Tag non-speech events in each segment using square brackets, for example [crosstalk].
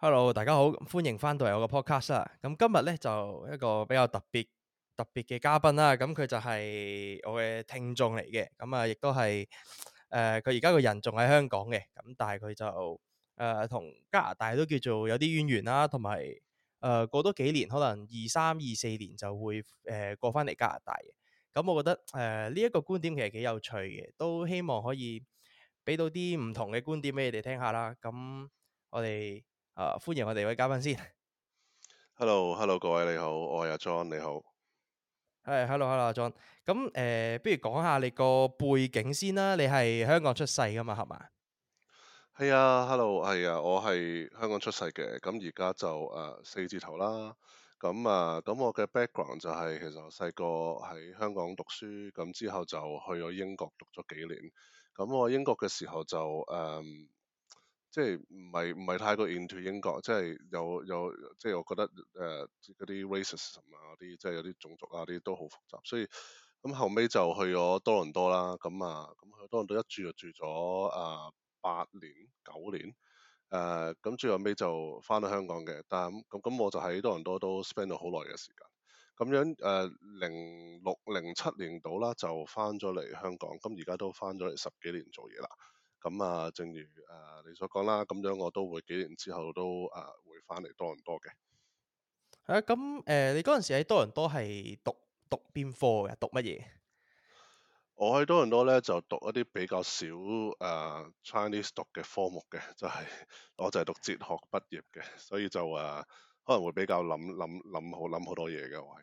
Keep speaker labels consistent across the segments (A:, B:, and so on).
A: Hello，大家好，歡迎翻到嚟我個 podcast 啦。咁今日咧就一個比較特別特別嘅嘉賓啦。咁佢就係我嘅聽眾嚟嘅。咁啊，亦都係誒，佢而家個人仲喺香港嘅。咁但係佢就誒同、呃、加拿大都叫做有啲淵源啦。同埋誒過多幾年，可能二三二四年就會誒、呃、過翻嚟加拿大。咁、嗯、我覺得誒呢一個觀點其實幾有趣嘅，都希望可以俾到啲唔同嘅觀點俾你哋聽下啦。咁、嗯、我哋。啊，歡迎我哋位嘉賓先。
B: Hello，Hello，hello, 各位你好，我係阿 John，你好。
A: 係、hey,，Hello，Hello，阿 John。咁、呃、誒，不如講下你個背景先啦。你係香港出世噶嘛，係嘛？
B: 係啊、hey,，Hello，係啊，我係香港出世嘅。咁而家就誒、呃、四字頭啦。咁啊，咁、呃、我嘅 background 就係、是，其實我細個喺香港讀書，咁之後就去咗英國讀咗幾年。咁我英國嘅時候就誒。呃即係唔係唔係太過 into 英國，即係有有即係我覺得誒嗰、呃、啲 racism 啊啲，即係有啲種族啊啲都好複雜，所以咁後尾就去咗多倫多啦，咁啊咁去多倫多一住就住咗啊八年九年，誒咁、呃、最後尾就翻到香港嘅，但咁咁我就喺多倫多都 spend 到好耐嘅時間，咁樣誒零六零七年度啦就翻咗嚟香港，咁而家都翻咗嚟十幾年做嘢啦。咁啊，正如誒你所講啦，咁樣我都會幾年之後都誒會返嚟多倫多嘅。
A: 咁誒、啊，那你嗰陣時喺多倫多係讀讀邊科嘅？讀乜嘢？
B: 我喺多倫多呢就讀一啲比較少誒、啊、Chinese 讀嘅科目嘅，就係、是、我就係讀哲學畢業嘅，所以就誒、啊、可能會比較諗諗諗好諗好多嘢嘅我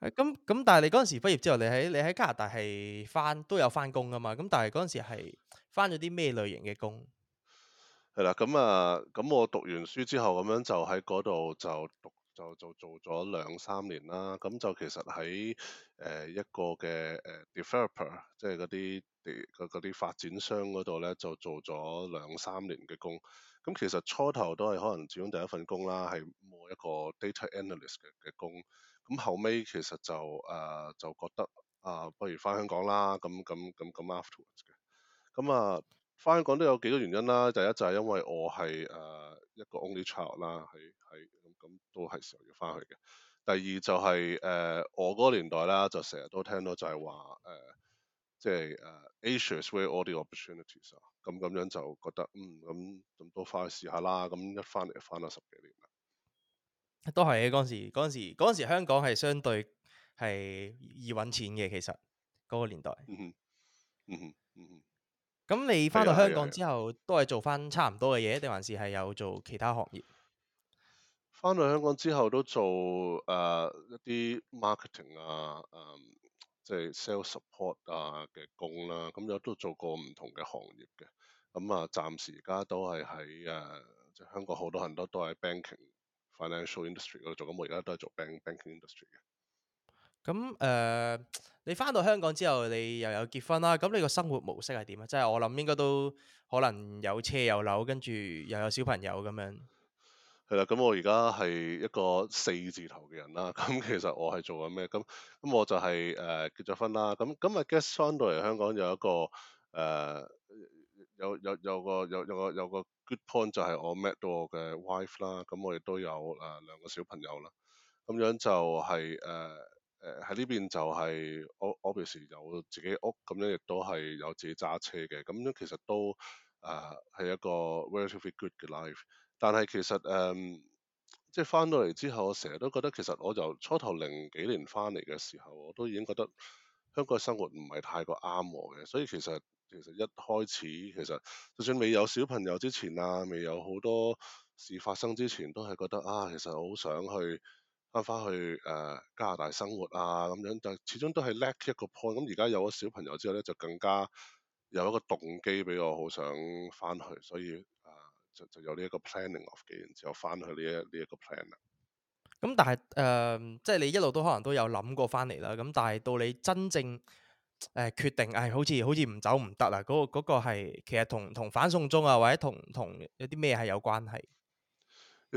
B: 係。
A: 咁咁、啊，但係你嗰陣時畢業之後，你喺你喺加拿大係返都有返工㗎嘛？咁但係嗰陣時係。翻咗啲咩類型嘅工？
B: 係啦，咁啊，咁我讀完書之後咁樣就喺嗰度就讀就就做咗兩三年啦。咁、嗯、就其實喺誒、呃、一個嘅誒、呃、developer，即係嗰啲啲啲發展商嗰度咧，就做咗兩三年嘅工。咁其實初頭都係可能始終第一份工啦，係冇一個 data analyst 嘅嘅工。咁、嗯、後尾其實就誒、呃、就覺得啊，不、呃、如翻香港啦。咁咁咁咁 afterwards 咁啊，翻香港都有幾個原因啦。第一就係因為我係誒、呃、一個 only child 啦，係係咁咁都係時候要翻去嘅。第二就係、是、誒、呃、我嗰個年代啦，就成日都聽到就係話誒，即係誒、啊、Asia’s where all the opportunities 咁、啊、咁、嗯、樣就覺得嗯咁咁都翻去試下啦。咁一翻
A: 嚟就翻咗十幾年啦。都係嘅嗰陣時，嗰陣時嗰陣時香港係相對係易揾錢嘅，其實嗰個年代。嗯
B: 哼，嗯嗯，嗯，嗯，
A: 嗯咁你翻到香港之後都，都係做翻差唔多嘅嘢，定還是係有做其他行業？
B: 翻到香港之後都做誒、呃、一啲 marketing 啊，誒即係 sales support 啊嘅工啦、啊。咁、嗯、有都做過唔同嘅行業嘅。咁、嗯、啊，暫時而家都係喺誒即係香港好多很多人都喺 banking financial industry 嗰度做。咁我而家都係做 bank banking industry 嘅。
A: 咁誒、呃，你翻到香港之後，你又有結婚啦。咁你個生活模式係點啊？即、就、係、是、我諗應該都可能有車有樓，跟住又有小朋友咁樣
B: 係啦。咁我而家係一個四字頭嘅人啦。咁其實我係做緊咩？咁咁我就係、是、誒、呃、結咗婚啦。咁咁啊，guess 翻到嚟香港有一個誒、呃、有有有個有有個有個 good point 就係我 match 到我嘅 wife 啦。咁我亦都有誒、呃、兩個小朋友啦。咁樣就係、是、誒。呃誒喺呢邊就係我，obvious 有自己屋咁樣，亦都係有自己揸車嘅，咁樣其實都啊係一個 very very good 嘅 life。但係其實誒，即係翻到嚟之後，我成日都覺得其實我就初頭零幾年翻嚟嘅時候，我都已經覺得香港生活唔係太過啱我嘅。所以其實其實一開始其實，就算未有小朋友之前啊，未有好多事發生之前，都係覺得啊，其實好想去。翻翻去誒、呃、加拿大生活啊咁樣，但始終都係叻一個 point。咁而家有咗小朋友之後咧，就更加有一個動機俾我好想翻去，所以啊、呃，就就有呢一個 planning of 嘅，然之後翻去呢一呢一個 plan 啦、這個。咁、
A: 這個嗯、但係誒、呃、即係你一路都可能都有諗過翻嚟啦。咁但係到你真正誒、呃、決定，誒、哎、好似好似唔走唔得啦。嗰個、嗰個係其實同同反送中啊，或者同同有啲咩係有關係？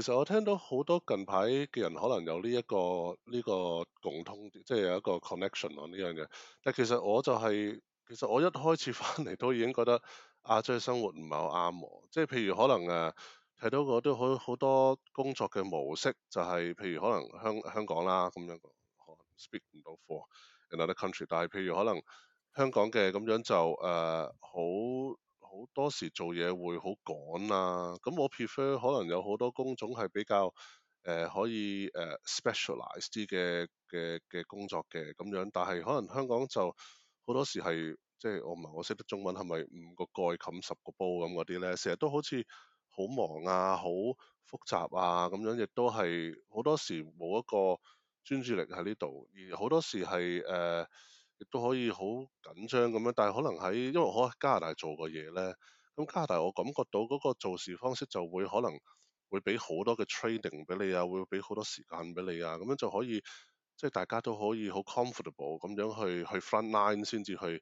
B: 其實我聽到好多近排嘅人可能有呢、呢、一個呢、呢個共通，即係有一個 connection 喺 on 呢樣嘢，但其實我就係、係、其實我一開始翻嚟都已經覺得亞洲生活唔係好啱我。即係譬如可能誒睇、啊、到我都好好多工作嘅模式，就係譬如可能香香港啦咁樣，可能 speak 唔到 for in another country。但係譬如可能香港嘅咁樣，樣就誒好。呃好多時做嘢會好趕啊！咁我 prefer 可能有好多工種係比較誒、呃、可以誒、呃、specialise 啲嘅嘅嘅工作嘅咁樣，但係可能香港就好多時係即係我唔係我識得中文係咪五個蓋冚十個煲咁嗰啲咧？成日都好似好忙啊、好複雜啊咁樣，亦都係好多時冇一個專注力喺呢度，而好多時係誒。呃亦都可以好緊張咁樣，但係可能喺因為我喺加拿大做過嘢咧，咁加拿大我感覺到嗰個做事方式就會可能會俾好多嘅 training 俾你啊，會俾好多時間俾你啊，咁樣就可以即係、就是、大家都可以好 comfortable 咁樣去去 front line 先至去誒，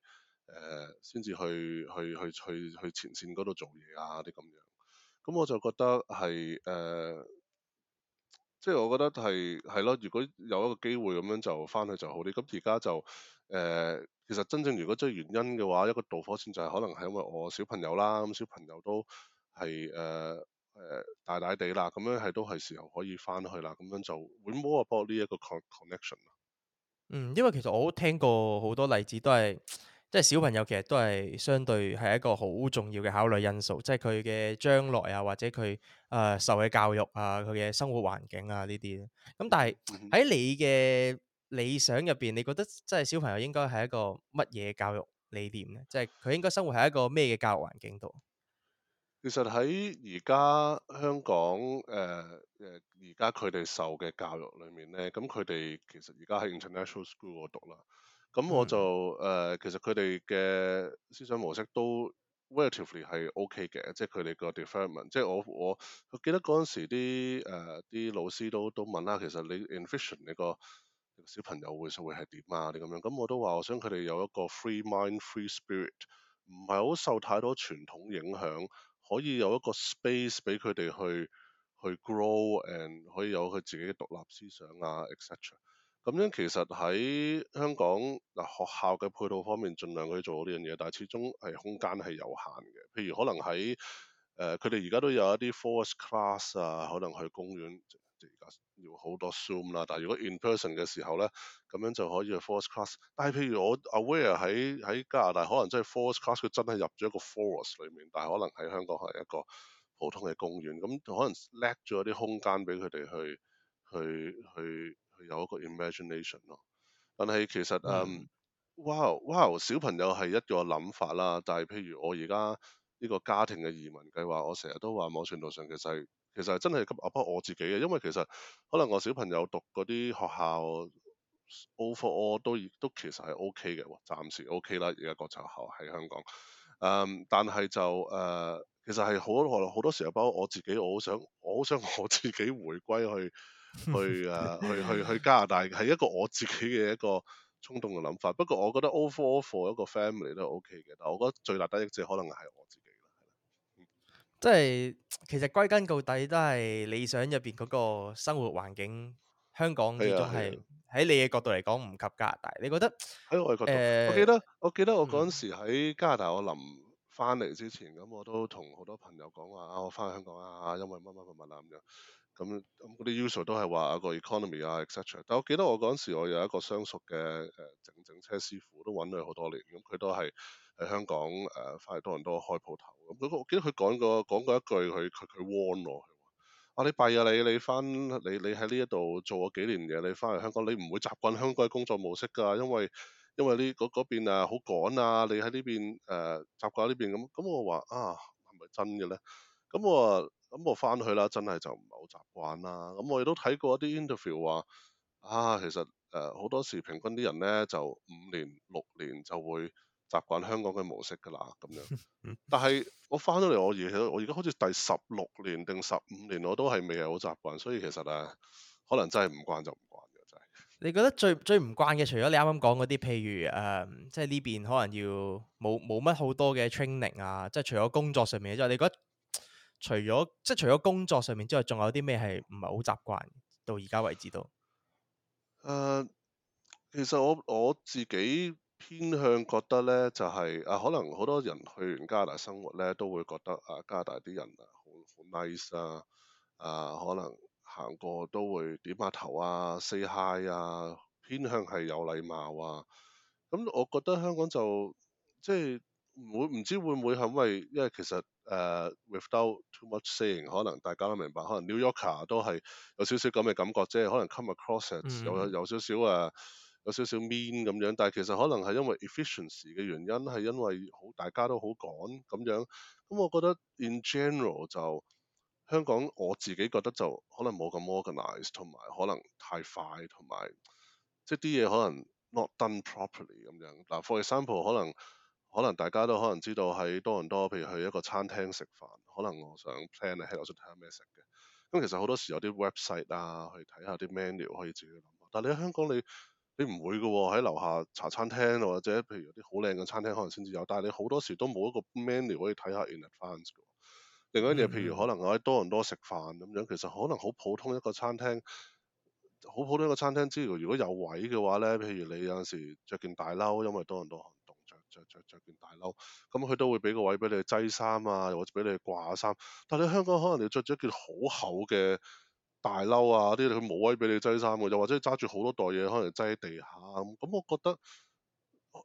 B: 先、呃、至去去去去去、去前線嗰度做嘢啊啲咁樣。咁、嗯、我就覺得係誒，即、呃、係、就是、我覺得係係咯，如果有一個機會咁樣就翻去就好啲。咁而家就。誒、呃，其實真正如果追原因嘅話，一個導火線就係可能係因為我小朋友啦，咁、嗯、小朋友都係誒誒大大哋啦，咁樣係都係時候可以翻去啦，咁樣就 warm up 呢一個 con connection 嗯，
A: 因為其實我都聽過好多例子都，都係即係小朋友其實都係相對係一個好重要嘅考慮因素，即係佢嘅將來啊，或者佢誒、呃、受嘅教育啊，佢嘅生活環境啊呢啲。咁、嗯、但係喺你嘅、嗯。理想入邊，你覺得即係小朋友應該係一個乜嘢教育理念咧即係佢應該生活喺一個咩嘅教育環境度？
B: 其實喺而家香港誒誒，而家佢哋受嘅教育裏面咧咁佢哋其實而家喺 international school 度讀啦。咁我就誒、嗯呃，其實佢哋嘅思想模式都 relatively 係 OK 嘅，即係佢哋個 development。即係我我記得嗰陣時啲誒啲老師都都問啦，其實你 in fiction 你個。小朋友會會係點啊？你咁樣，咁我都話，我想佢哋有一個 free mind, free spirit，唔係好受太多傳統影響，可以有一個 space 俾佢哋去去 grow and 可以有佢自己嘅獨立思想啊，etc。咁樣其實喺香港嗱學校嘅配套方面，盡量可以做到呢樣嘢，但係始終係空間係有限嘅。譬如可能喺誒佢哋而家都有一啲 forest class 啊，可能去公園，即係而家要好多 zoom 啦。但係如果 in person 嘅時候咧，咁樣就可以去 forest class。但係譬如我 aware 喺喺加拿大，可能真係 forest class，佢真係入咗一個 forest 裡面，但係可能喺香港係一個普通嘅公園，咁可能叻咗一啲空間俾佢哋去去去去有一個 imagination 咯。但係其實 wow 小朋友係一個諗法啦。但係譬如我而家。呢個家庭嘅移民計劃，我成日都話，某程度上其實係其實係真係急。包括我自己嘅，因為其實可能我小朋友讀啲學校，overall 都都其實係 OK 嘅，暫時 OK 啦。而家國際學校喺香港，誒、嗯，但係就誒、呃、其實係好可能好多時候，包括我自己，我好想我好想我自己回歸去去誒、uh, [laughs] 去去去，去加拿大，係一個我自己嘅一個衝動嘅諗法。不過我覺得 overall for 一個 family 都係 OK 嘅，但係我覺得最難得益者可能係我自己。
A: 即係其實歸根到底都係理想入邊嗰個生活環境，香港呢個係喺你嘅角度嚟講唔及加拿大。你覺得喺我嘅角度我記、呃、我記得
B: 我記得我嗰陣時喺加拿大，我臨翻嚟之前，咁我都同好多朋友講話啊，我翻去香港啊，因為乜乜乜乜啦咁樣。咁咁嗰啲 usual 都係話啊個 economy 啊 etc。但我記得我嗰陣時我有一個相熟嘅誒、呃、整整車師傅都揾咗佢好多年，咁佢都係。喺香港誒，翻、呃、嚟多倫多開鋪頭咁。嗰、嗯、個我記得佢講過講過一句，佢佢佢 warn 我：啊，你弊啊！你你翻你你喺呢一度做咗幾年嘢，你翻嚟香港，你唔會習慣香港嘅工作模式㗎。因為因為呢嗰邊啊好趕啊，你喺呢邊誒習慣呢邊咁咁。我話啊，係咪真嘅咧？咁我話咁我翻去啦，真係就唔係好習慣啦。咁、嗯、我亦都睇過一啲 interview 話啊，其實誒好、呃、多時平均啲人咧就五年、六年就，五年六年就會。習慣香港嘅模式噶啦，咁樣。但係我翻咗嚟，我而我而家好似第十六年定十五年，我都係未係好習慣。所以其實咧，可能真係唔慣就唔慣嘅，真
A: 係、呃啊。你覺得最最唔慣嘅，除咗你啱啱講嗰啲，譬如誒，即係呢邊可能要冇冇乜好多嘅 training 啊，即係除咗工作上面嘅。即係你覺得除咗即係除咗工作上面之外，仲有啲咩係唔係好習慣，到而家為止都？誒、呃，
B: 其實我我自己。偏向覺得咧就係、是、啊，可能好多人去完加拿大生活咧，都會覺得啊，加拿大啲人啊好好 nice 啊，啊可能行過都會點下頭啊，say hi 啊，偏向係有禮貌啊。咁、啊嗯、我覺得香港就即係唔會唔知會唔會係因為因為其實誒、uh, without too much saying，可能大家都明白，可能 New Yorker 都係有少少咁嘅感覺啫，可能 come across it、mm hmm. 有有少少啊。Uh, 有少少 mean 咁樣，但係其實可能係因為 efficiency 嘅原因，係因為好大家都好趕咁樣。咁、嗯、我覺得 in general 就香港我自己覺得就可能冇咁 organized 同埋可能太快，同埋即係啲嘢可能 not done properly 咁樣。嗱、呃，for example 可能可能大家都可能知道喺多倫多，譬如去一個餐廳食飯，可能我想 plan 係我想睇下咩食嘅。咁、嗯、其實好多時有啲 website 啊，去睇下啲 menu 可以自己諗。但係你喺香港你。你唔會嘅喎，喺樓下茶餐廳或者譬如啲好靚嘅餐廳可能先至有，但係你好多時都冇一個 menu 可以睇下 in advance 嘅。另外一嘢，譬如可能我喺多倫多食飯咁樣，其實可能好普通一個餐廳，好普通一個餐廳之餘，如果有位嘅話咧，譬如你有陣時着件大褸，因為多倫多寒凍，着着着著件大褸，咁佢都會俾個位俾你擠衫啊，又或者俾你掛衫。但係你香港可能你着咗件好厚嘅。大褸啊，啲佢冇位俾你擠衫嘅，又或者揸住好多袋嘢，可能擠喺地下咁。我覺得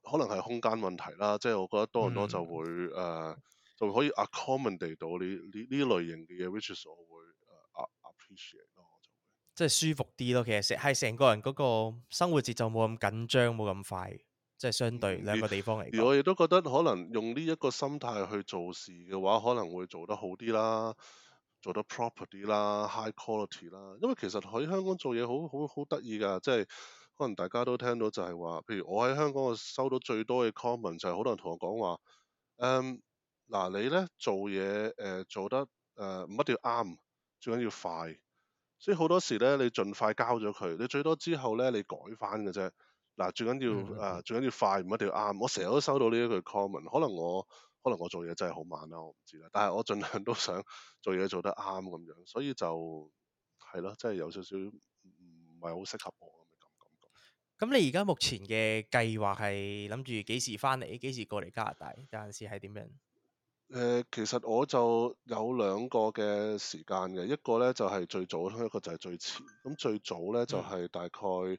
B: 可能係空間問題啦，即係我覺得多倫多就會誒、嗯呃，就可以 accommodate 到呢呢呢類型嘅嘢，which is 我會誒
A: appreciate 咯，即係舒服啲咯。其實成係成個人嗰個生活節奏冇咁緊張，冇咁快，即係相對兩、嗯、個地方嚟
B: 講。也我亦都覺得可能用呢一個心態去做事嘅話，可能會做得好啲啦。做得 property 啦，high quality 啦，因為其實喺香港做嘢好好好得意㗎，即係可能大家都聽到就係話，譬如我喺香港我收到最多嘅 comment 就係好多人同我講話，嗯，嗱你咧做嘢誒做得誒唔一定要啱，最緊要快，所以好多時咧你盡快交咗佢，你最多之後咧你改翻㗎啫，嗱最緊要誒最緊要快，唔一定要啱，我成日都收到呢一句 comment，可能我。可能我做嘢真係好慢啦，我唔知啦。但係我盡量都想做嘢做得啱咁樣，所以就係咯，真係有少少唔係好適合我咁嘅
A: 感覺。你而家目前嘅計劃係諗住幾時返嚟？幾時過嚟加拿大？有陣時係點樣？
B: 誒、呃，其實我就有兩個嘅時間嘅，一個呢就係最早，一個就係最遲。咁最早呢就係大概、嗯。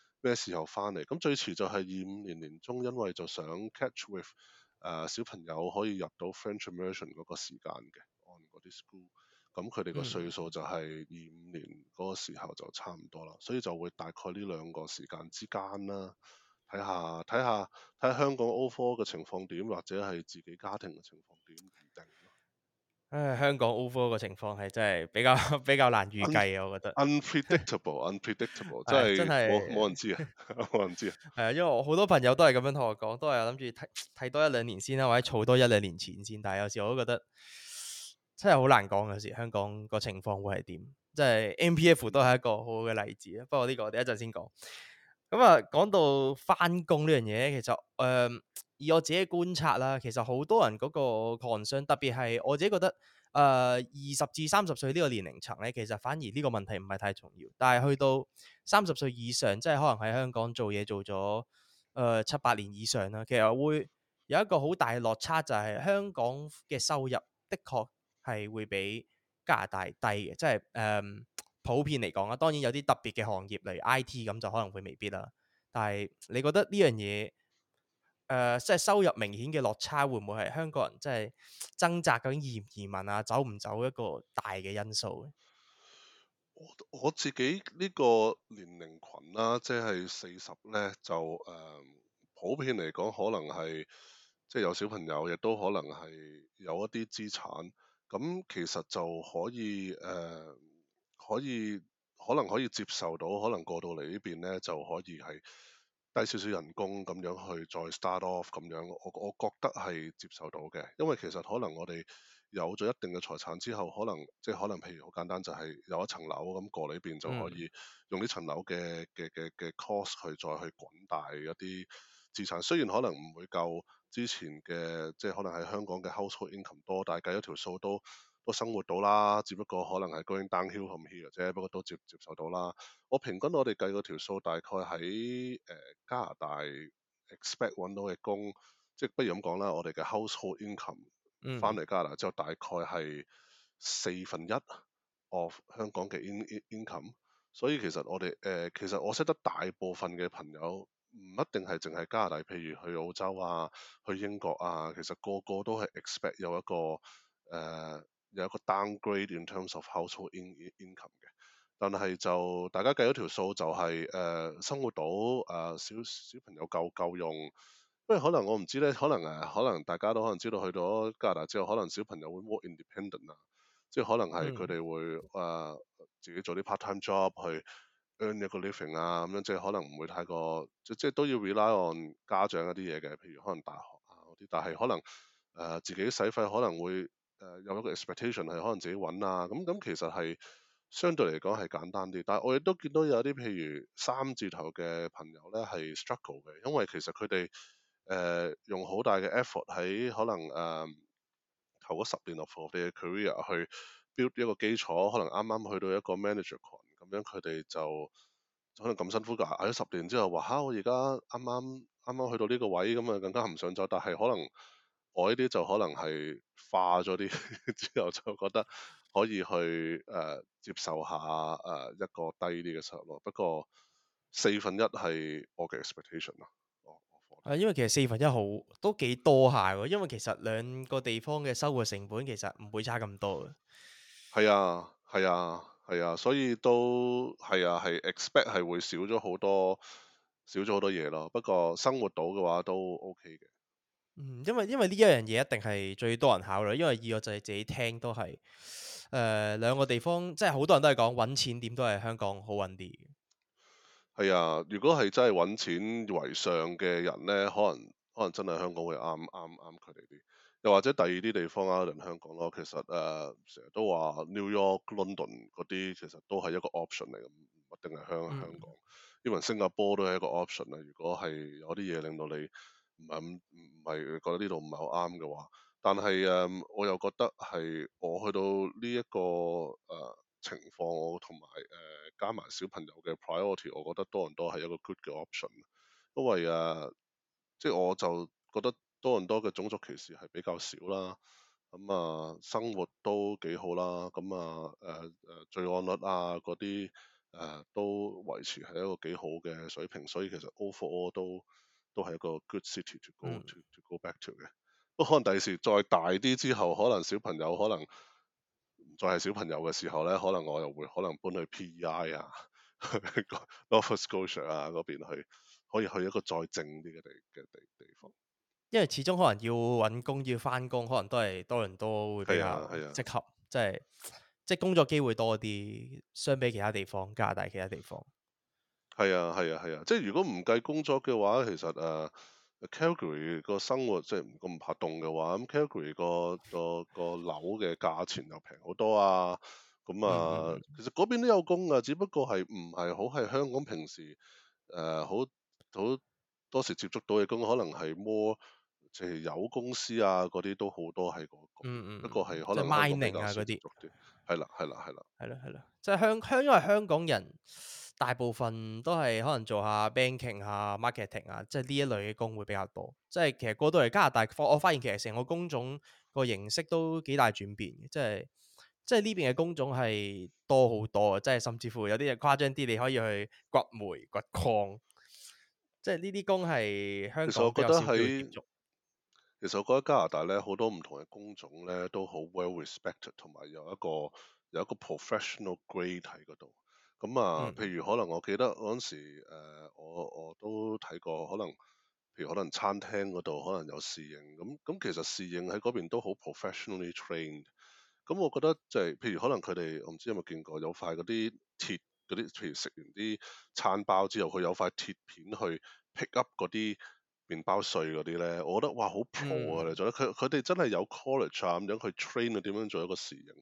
B: 咩時候翻嚟？咁最遲就係二五年年中，因為就想 catch with 誒、呃、小朋友可以入到 French immersion 嗰個時間嘅，on 嗰啲 school。咁佢哋個歲數就係二五年嗰個時候就差唔多啦，所以就會大概呢兩個時間之間啦，睇下睇下睇香港 O four 嘅情況點，或者係自己家庭嘅情況點而定。
A: 唉，香港 over 嘅情況係真係比較比較難預計啊，我覺得 Un, Un。
B: unpredictable, unpredictable，真係冇冇人知啊，冇人知。
A: 係啊， [laughs] 因為我好多朋友都係咁樣同我講，都係諗住睇睇多一兩年先啦，或者儲多一兩年錢先。但係有時我都覺得真係好難講，有時香港個情況會係點？即係 MPF 都係一個好好嘅例子啊。不過呢個我哋一陣先講。咁啊，講到翻工呢樣嘢，其實誒。呃以我自己觀察啦，其實好多人嗰個 concern 特別係我自己覺得，誒二十至三十歲呢個年齡層咧，其實反而呢個問題唔係太重要。但係去到三十歲以上，即係可能喺香港做嘢做咗誒七八年以上啦，其實會有一個好大嘅落差，就係、是、香港嘅收入的確係會比加拿大低嘅，即係誒、嗯、普遍嚟講啊。當然有啲特別嘅行業，例如 I T 咁，就可能會未必啦。但係你覺得呢樣嘢？誒、呃，即係收入明顯嘅落差，會唔會係香港人即係掙扎緊移唔移民啊，走唔走一個大嘅因素嘅？我，我自
B: 己呢個年齡群啦，啊，即係四十呢，就誒、呃、普遍嚟講，可能係即係有小朋友，亦都可能係有一啲資產，咁其實就可以誒、呃，可以可能可以接受到，可能過到嚟呢邊呢，就可以係，低少少人工咁樣去再 start off 咁樣，我我覺得係接受到嘅，因為其實可能我哋有咗一定嘅財產之後，可能即係可能譬如好簡單就係有一層樓咁，過裏邊就可以用呢層樓嘅嘅嘅嘅 cost 去再去滾大一啲資產，雖然可能唔會夠之前嘅即係可能喺香港嘅 household income 多，但係計咗條數都。都生活到啦，只不過可能係 going down hill from here 啫，不過都接唔接受到啦。我平均我哋計個條數，大概喺誒、呃、加拿大 expect 揾到嘅工，即係不如咁講啦，我哋嘅 household income 翻嚟加拿大之後，大概係四分一 of 香港嘅 income。所以其實我哋誒、呃，其實我識得大部分嘅朋友唔一定係淨係加拿大，譬如去澳洲啊、去英國啊，其實個個都係 expect 有一個誒、呃有一個 downgrade in terms of household income 嘅，但係就大家計咗條數就係、是、誒、呃、生活到誒、呃、小小朋友夠夠用，因為可能我唔知咧，可能誒、啊、可能大家都可能知道去到加拿大之後，可能小朋友會 more independent 啊，即係可能係佢哋會誒、啊、自己做啲 part time job 去 earn 一個 living 啊，咁樣即係可能唔會太過即即都要 rely on 家長一啲嘢嘅，譬如可能大學啊嗰啲，但係可能誒、呃、自己使費可能會。誒、呃、有一個 expectation 係可能自己揾啊，咁、嗯、咁、嗯、其實係相對嚟講係簡單啲，但係我亦都見到有啲譬如三字頭嘅朋友咧係 struggle 嘅，因為其實佢哋誒用好大嘅 effort 喺可能誒求咗十年落去我哋嘅 career 去 build 一個基礎，可能啱啱去到一個 manager 群，咁樣佢哋就，就可能咁辛苦嘅喺十年之後話嚇、啊，我而家啱啱啱啱去到呢個位，咁啊更加唔想走，但係可能。我呢啲就可能係化咗啲 [laughs] 之後就覺得可以去誒、呃、接受下誒、呃、一個低啲嘅收入，不過四分一係我嘅 expectation 啦。
A: 啊，因為其實四分一好都幾多下，因為其實兩個地方嘅收活成本其實唔會差咁多。
B: 係啊，係啊，係啊，所以都係啊，係 expect 係會少咗好多少咗好多嘢咯。不過生活到嘅話都 OK 嘅。
A: 嗯，因為因為呢一樣嘢一定係最多人考慮，因為以我自自己聽都係，誒、呃、兩個地方，即係好多人都係講揾錢點都係香港好揾啲。
B: 係啊，如果係真係揾錢為上嘅人呢，可能可能真係香港會啱啱啱佢哋，啲。又或者第二啲地方啊，同香港咯，其實誒成日都話 New York、London 嗰啲，其實都係一個 option 嚟嘅，唔一定係香香港，因為、嗯、新加坡都係一個 option 啊。如果係有啲嘢令到你。唔係咁，覺得呢度唔係好啱嘅話，但係誒、嗯，我又覺得係我去到呢、這、一個誒、呃、情況，我同埋誒加埋小朋友嘅 priority，我覺得多倫多係一個 good 嘅 option。因為誒、呃，即係我就覺得多倫多嘅種族歧視係比較少啦，咁、嗯、啊、呃、生活都幾好啦，咁啊誒誒罪案率啊嗰啲誒都維持係一個幾好嘅水平，所以其實 overall 都都係一個 good city to go to go back to 嘅，不過、嗯、可能第時再大啲之後，可能小朋友可能唔再係小朋友嘅時候咧，可能我又會可能搬去 PEI 啊、 [laughs] Nova Scotia 啊嗰邊去，可以去一個再靜啲嘅地嘅地地
A: 方。因為始終可能要揾工要翻工，可能都係多倫多會比較適合，即係即係工作機會多啲，相比其他地方加拿大其他地方。
B: 係啊係啊係啊！即係如果唔計工作嘅話，其實誒、uh,，Calgary 個生活即係唔咁怕凍嘅話，咁 Calgary 個個個樓嘅價錢又平好多啊！咁啊、嗯嗯，其實嗰邊都有工啊，只不過係唔係好係香港平時誒，好好多時接觸到嘅工，可能係摩即係油公司啊，嗰啲都好多係嗰、
A: 那個，不過係可能即係 mining 嗰啲，
B: 係啦係啦係啦，係啦係啦，
A: 即係香，因為香港人嗯嗯。大部分都係可能做下 banking、下 marketing 啊，即係呢一類嘅工會比較多。即係其實過到嚟加拿大，我發現其實成個工種個形式都幾大轉變嘅。即係即係呢邊嘅工種係多好多啊！即係甚至乎有啲嘢誇張啲，你可以去掘煤、掘礦，即係呢啲工係香港我覺得係。
B: 其實我覺得加拿大咧好多唔同嘅工種咧都好 well respected，同埋有一個有一個 professional grade 喺嗰度。咁啊，譬、嗯、如可能我記得嗰陣時，呃、我我都睇過，可能譬如可能餐廳嗰度可能有侍應，咁、嗯、咁、嗯、其實侍應喺嗰邊都好 professionally trained、嗯。咁我覺得即係譬如可能佢哋，我唔知有冇見過有塊嗰啲鐵嗰啲，譬如食完啲餐包之後，佢有塊鐵片去 pick up 嗰啲麵包碎嗰啲咧，我覺得哇好 pro 啊、嗯，你覺得佢佢哋真係有 college 啊？咁樣去 train 啊，點樣做一個侍應。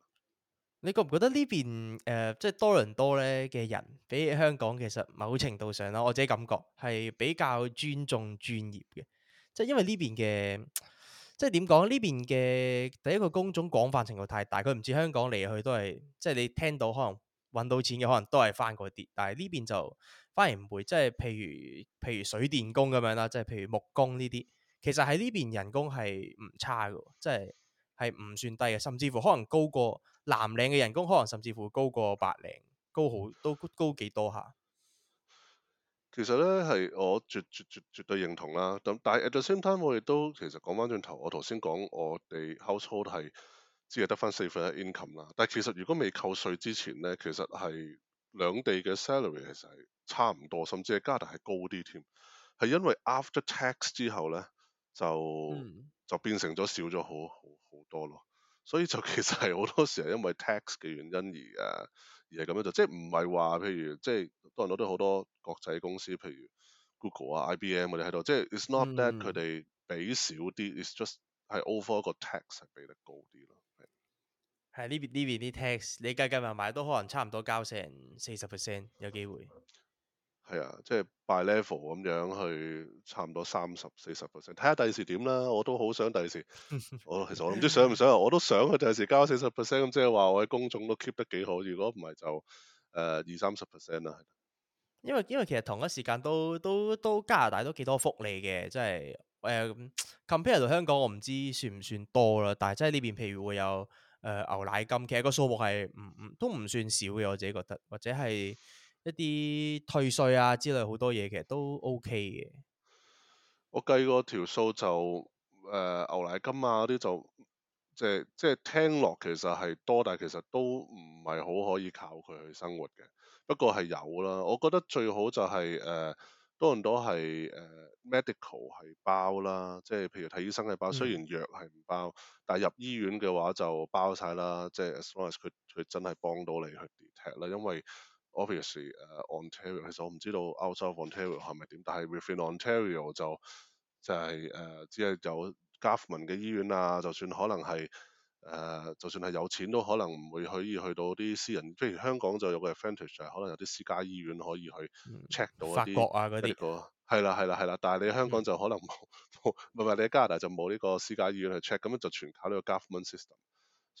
A: 你覺唔覺得呢邊誒、呃，即係多倫多咧嘅人比起香港其實某程度上啦，我自己感覺係比較尊重專業嘅，即係因為呢邊嘅，即係點講呢邊嘅第一個工種廣泛程度太大，佢唔知香港嚟，去都係，即係你聽到可能搵到錢嘅可能都係翻過啲，但係呢邊就反而唔會，即係譬如譬如水電工咁樣啦，即係譬如木工呢啲，其實喺呢邊人工係唔差㗎，即係。係唔算低嘅，甚至乎可能高過藍領嘅人工，可能甚至乎高過白領，高好都高幾多下。
B: 其實咧係我絕絕絕絕對認同啦。咁但係 at the same time，我亦都其實講翻轉頭，我頭先講我哋 household 係只係得翻四分一 income 啦。但係其實如果未扣稅之前咧，其實係兩地嘅 salary 其實係差唔多，甚至係加拿大係高啲添。係因為 after tax 之後咧，就、嗯、就變成咗少咗好好多咯，所以就其實係好多時係因為 tax 嘅原因而誒、啊、而係咁樣，就即係唔係話譬如，即係多人攞到好多國際公司，譬如 Google 啊、IBM 我哋喺度，即係 it's not that 佢哋俾少啲，it's just 係 over 一個 tax 係俾得高啲咯。
A: 係呢邊呢邊啲 tax，你計計埋埋都可能差唔多交成四十 percent 有機會。嗯嗯嗯
B: 係啊、 [noise] 嗯，即係 by level 咁樣去差唔多三十、四十 percent，睇下第二時點啦。我都好想第二時， [laughs] 我其實我唔知想唔想啊。我都想佢第二時交四十 percent，咁即係話我喺公眾都 keep 得幾好。如果唔係就誒二三十 percent 啦。呃、
A: 因為因為其實同一時間都都都，都加拿大都幾多福利嘅，即係誒 compare 到香港，我唔知算唔算多啦。但係即係呢邊，譬如會有誒、呃、牛奶金，其實個數目係唔唔都唔算少嘅，我自己覺得，或者係。一啲退稅啊之類，好多嘢，其實都 OK 嘅。
B: 我計過條數就誒、呃、牛奶金啊啲就即係即係聽落其實係多，但係其實都唔係好可以靠佢去生活嘅。不過係有啦，我覺得最好就係、是、誒、呃、多唔多係誒 medical 係包啦，即係譬如睇醫生係包，雖然藥係唔包，嗯、但係入醫院嘅話就包晒啦。即係 as long as 佢佢真係幫到你去 detect 啦，因為。Obviously，誒、uh, Ontario 其實我唔知道 outside of Ontario 係咪點，但係 within Ontario 就就係、是、誒、uh, 只係有 government 嘅醫院啊，就算可能係誒，uh, 就算係有錢都可能唔會可以去到啲私人，譬如香港就有個 advantage 係可能有啲私家醫院可以去 check 到一法國啊嗰啲，係啦係啦係啦，但係你香港就可能冇，唔係唔係你喺加拿大就冇呢個私家醫院去 check，咁樣就全靠呢個 government system。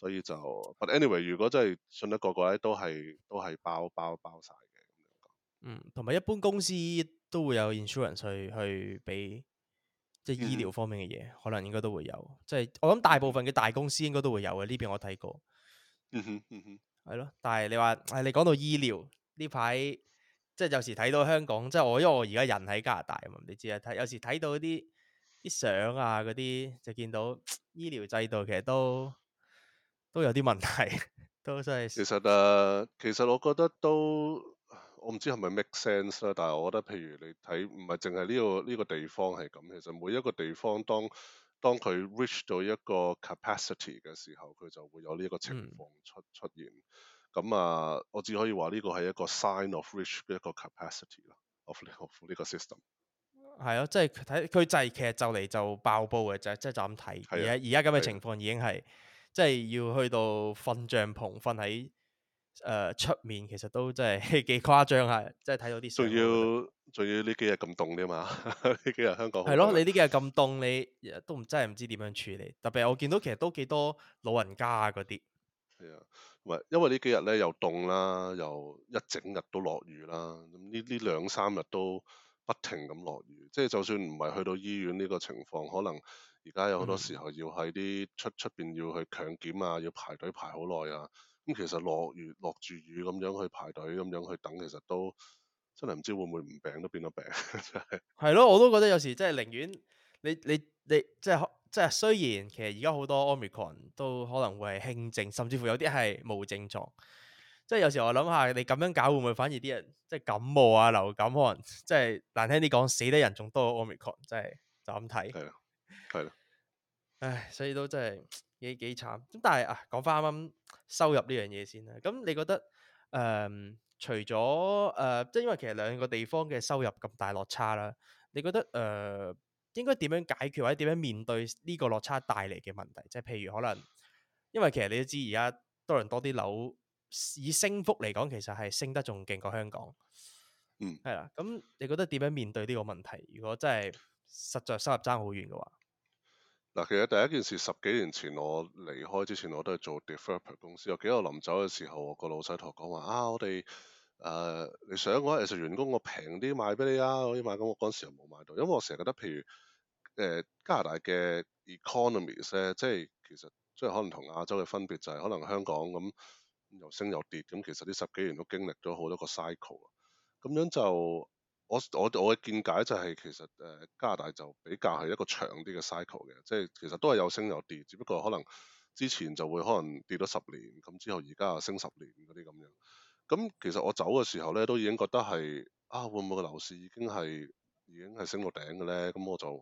B: 所以就，but anyway，如果真係信得個個咧，都係都係包包包晒嘅。咁樣
A: 講，嗯，同埋一般公司都會有 insurance 去去俾，即係醫療方面嘅嘢，嗯、可能應該都會有。即係我諗大部分嘅大公司應該都會有嘅。呢邊我睇過嗯。嗯哼嗯哼，係咯。但係你話，誒，你講到醫療呢排，即係有時睇到香港，即係我因為我而家人喺加拿大啊嘛，你知啊？睇有時睇到啲啲相啊嗰啲，就見到醫療制度其實都～都有啲問題，都真係。
B: 其實誒、呃，其實我覺得都，我唔知係咪 make sense 啦。但係我覺得，譬如你睇，唔係淨係呢個呢、呢個地方係咁。其實每一個地方當，當當佢 reach 到一個 capacity 嘅時候，佢就會有呢個情況出、嗯、出現。咁、嗯、啊，我只可以話呢個係一個 sign of reach 嘅一個 capacity 咯，of 呢個呢個 system。
A: 係啊，即係睇佢就係、其實就嚟就爆煲嘅，即就即係就咁睇。而家而家咁嘅情況、啊、已經係。即係要去到瞓帳篷，瞓喺誒出面，其實都真係幾誇張啊！即
B: 係睇到啲，仲要仲要呢幾日咁凍啫嘛？呢 [laughs] 幾日香港係咯，你呢
A: 幾日咁凍，你都唔真係唔知點樣處理。特別我見到其實都幾多老人家啊嗰啲。
B: 係啊，唔係因為呢幾日咧又凍啦，又一整日都落雨啦。咁呢呢兩三日都不停咁落雨，即係就算唔係去到醫院呢個情況，可能。而家有好多時候要喺啲出出邊要去強檢啊，要排隊排好耐啊。咁、嗯、其實落雨落住雨咁樣去排隊咁樣去等，其實都真係唔知會唔會唔病都變咗病。
A: 係 [laughs] 咯，我都覺得有時真係寧願你你你即係即係雖然其實而家好多 Omicron 都可能會係輕症，甚至乎有啲係冇症狀。即、就、係、是、有時我諗下，你咁樣搞會唔會反而啲人即係、就是、感冒啊、流感可能即係難聽啲講死得人仲多過 Omicron，真係就咁、是、睇。唉，所以都真係幾幾慘。咁但係啊，講翻啱啱收入呢樣嘢先啦。咁你覺得誒、呃，除咗誒、呃，即係因為其實兩個地方嘅收入咁大落差啦，你覺得誒、呃，應該點樣解決或者點樣面對呢個落差帶嚟嘅問題？即係譬如可能，因為其實你都知而家多倫多啲樓，以升幅嚟講，其實係升得仲勁過香港。嗯，係啦。咁你覺得點樣面對呢個問題？如果真係實在收入爭好遠嘅話？
B: 嗱，其實第一件事十幾年前我離開之前，我都係做 developer 公司。有幾個臨走嘅時候，我個老細同我講話：啊，我哋誒、呃、你想嗰個藝術員工我，我平啲買俾你啊，可以買。咁我嗰陣時又冇買到，因為我成日覺得譬如誒、呃、加拿大嘅 economy 咧、啊，即係其實即係可能同亞洲嘅分別就係、是、可能香港咁又升又跌。咁其實呢十幾年都經歷咗好多個 cycle，咁、啊、樣就。我我我嘅見解就係其實誒加拿大就比較係一個長啲嘅 cycle 嘅，即係其實都係有升有跌，只不過可能之前就會可能跌咗十年，咁之後而家啊升十年嗰啲咁樣。咁其實我走嘅時候咧，都已經覺得係啊會唔會個樓市已經係已經係升到頂嘅咧？咁我就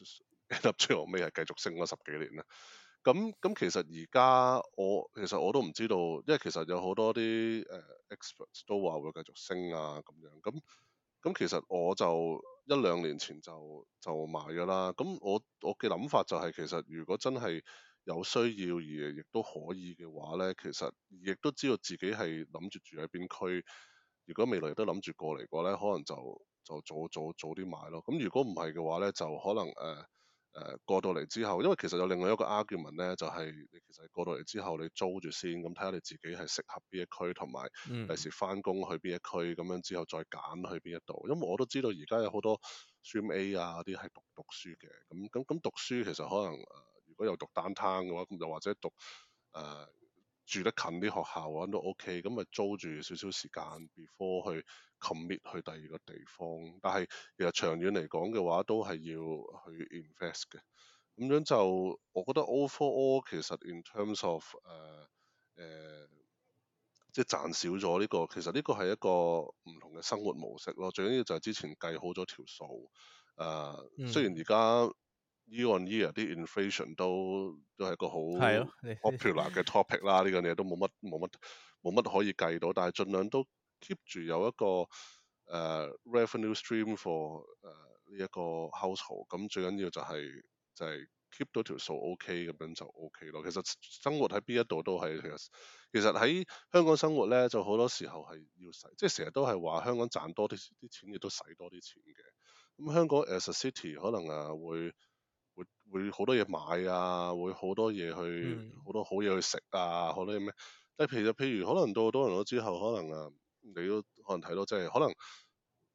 B: 一粒最後尾係繼續升咗十幾年啦。咁咁其實而家我其實我都唔知道，因為其實有好多啲誒、uh, experts 都話會繼續升啊咁樣咁。咁其實我就一兩年前就就買㗎啦。咁我我嘅諗法就係其實如果真係有需要而亦都可以嘅話咧，其實亦都知道自己係諗住住喺邊區。如果未來都諗住過嚟過咧，可能就就早早早啲買咯。咁如果唔係嘅話咧，就可能誒、呃誒、呃、過到嚟之後，因為其實有另外一個 argument 咧，就係、是、你其實係過到嚟之後，你租住先，咁睇下你自己係適合邊一區，同埋第時翻工去邊一區，咁樣之後再揀去邊一度。因、嗯、為我都知道而家有好多 scholar 啊嗰啲係讀讀書嘅，咁咁咁讀書其實可能誒、呃，如果有讀 downtown 嘅話，咁又或者讀誒、呃、住得近啲學校啊都 OK，咁、嗯、咪租住少少時間 before 去。commit 去第二個地方，但係其實長遠嚟講嘅話，都係要去 invest 嘅。咁樣就我覺得 overall 其實 in terms of 誒誒，即係賺少咗呢、這個，其實呢個係一個唔同嘅生活模式咯。最緊要就係之前計好咗條數。誒、啊，嗯、雖然而家 year on year 啲 inflation 都都係個好 popular 嘅、嗯、topic 啦，呢 [laughs] 個嘢都冇乜冇乜冇乜可以計到，但係盡量都 keep 住有一個誒、uh, revenue stream for 誒呢一個 household，咁最緊要就係就係 keep 到條數 OK 咁樣就 OK 咯。其實生活喺邊一度都係其實其實喺香港生活咧，就好多時候係要使，即係成日都係話香港賺多啲啲錢，亦都使多啲錢嘅。咁香港 as a city 可能啊會會會好多嘢買啊，會好多嘢去好多好嘢去食啊，好多嘢咩？但係譬如，譬如可能到多倫多之後，可能啊～你都可能睇到，即係可能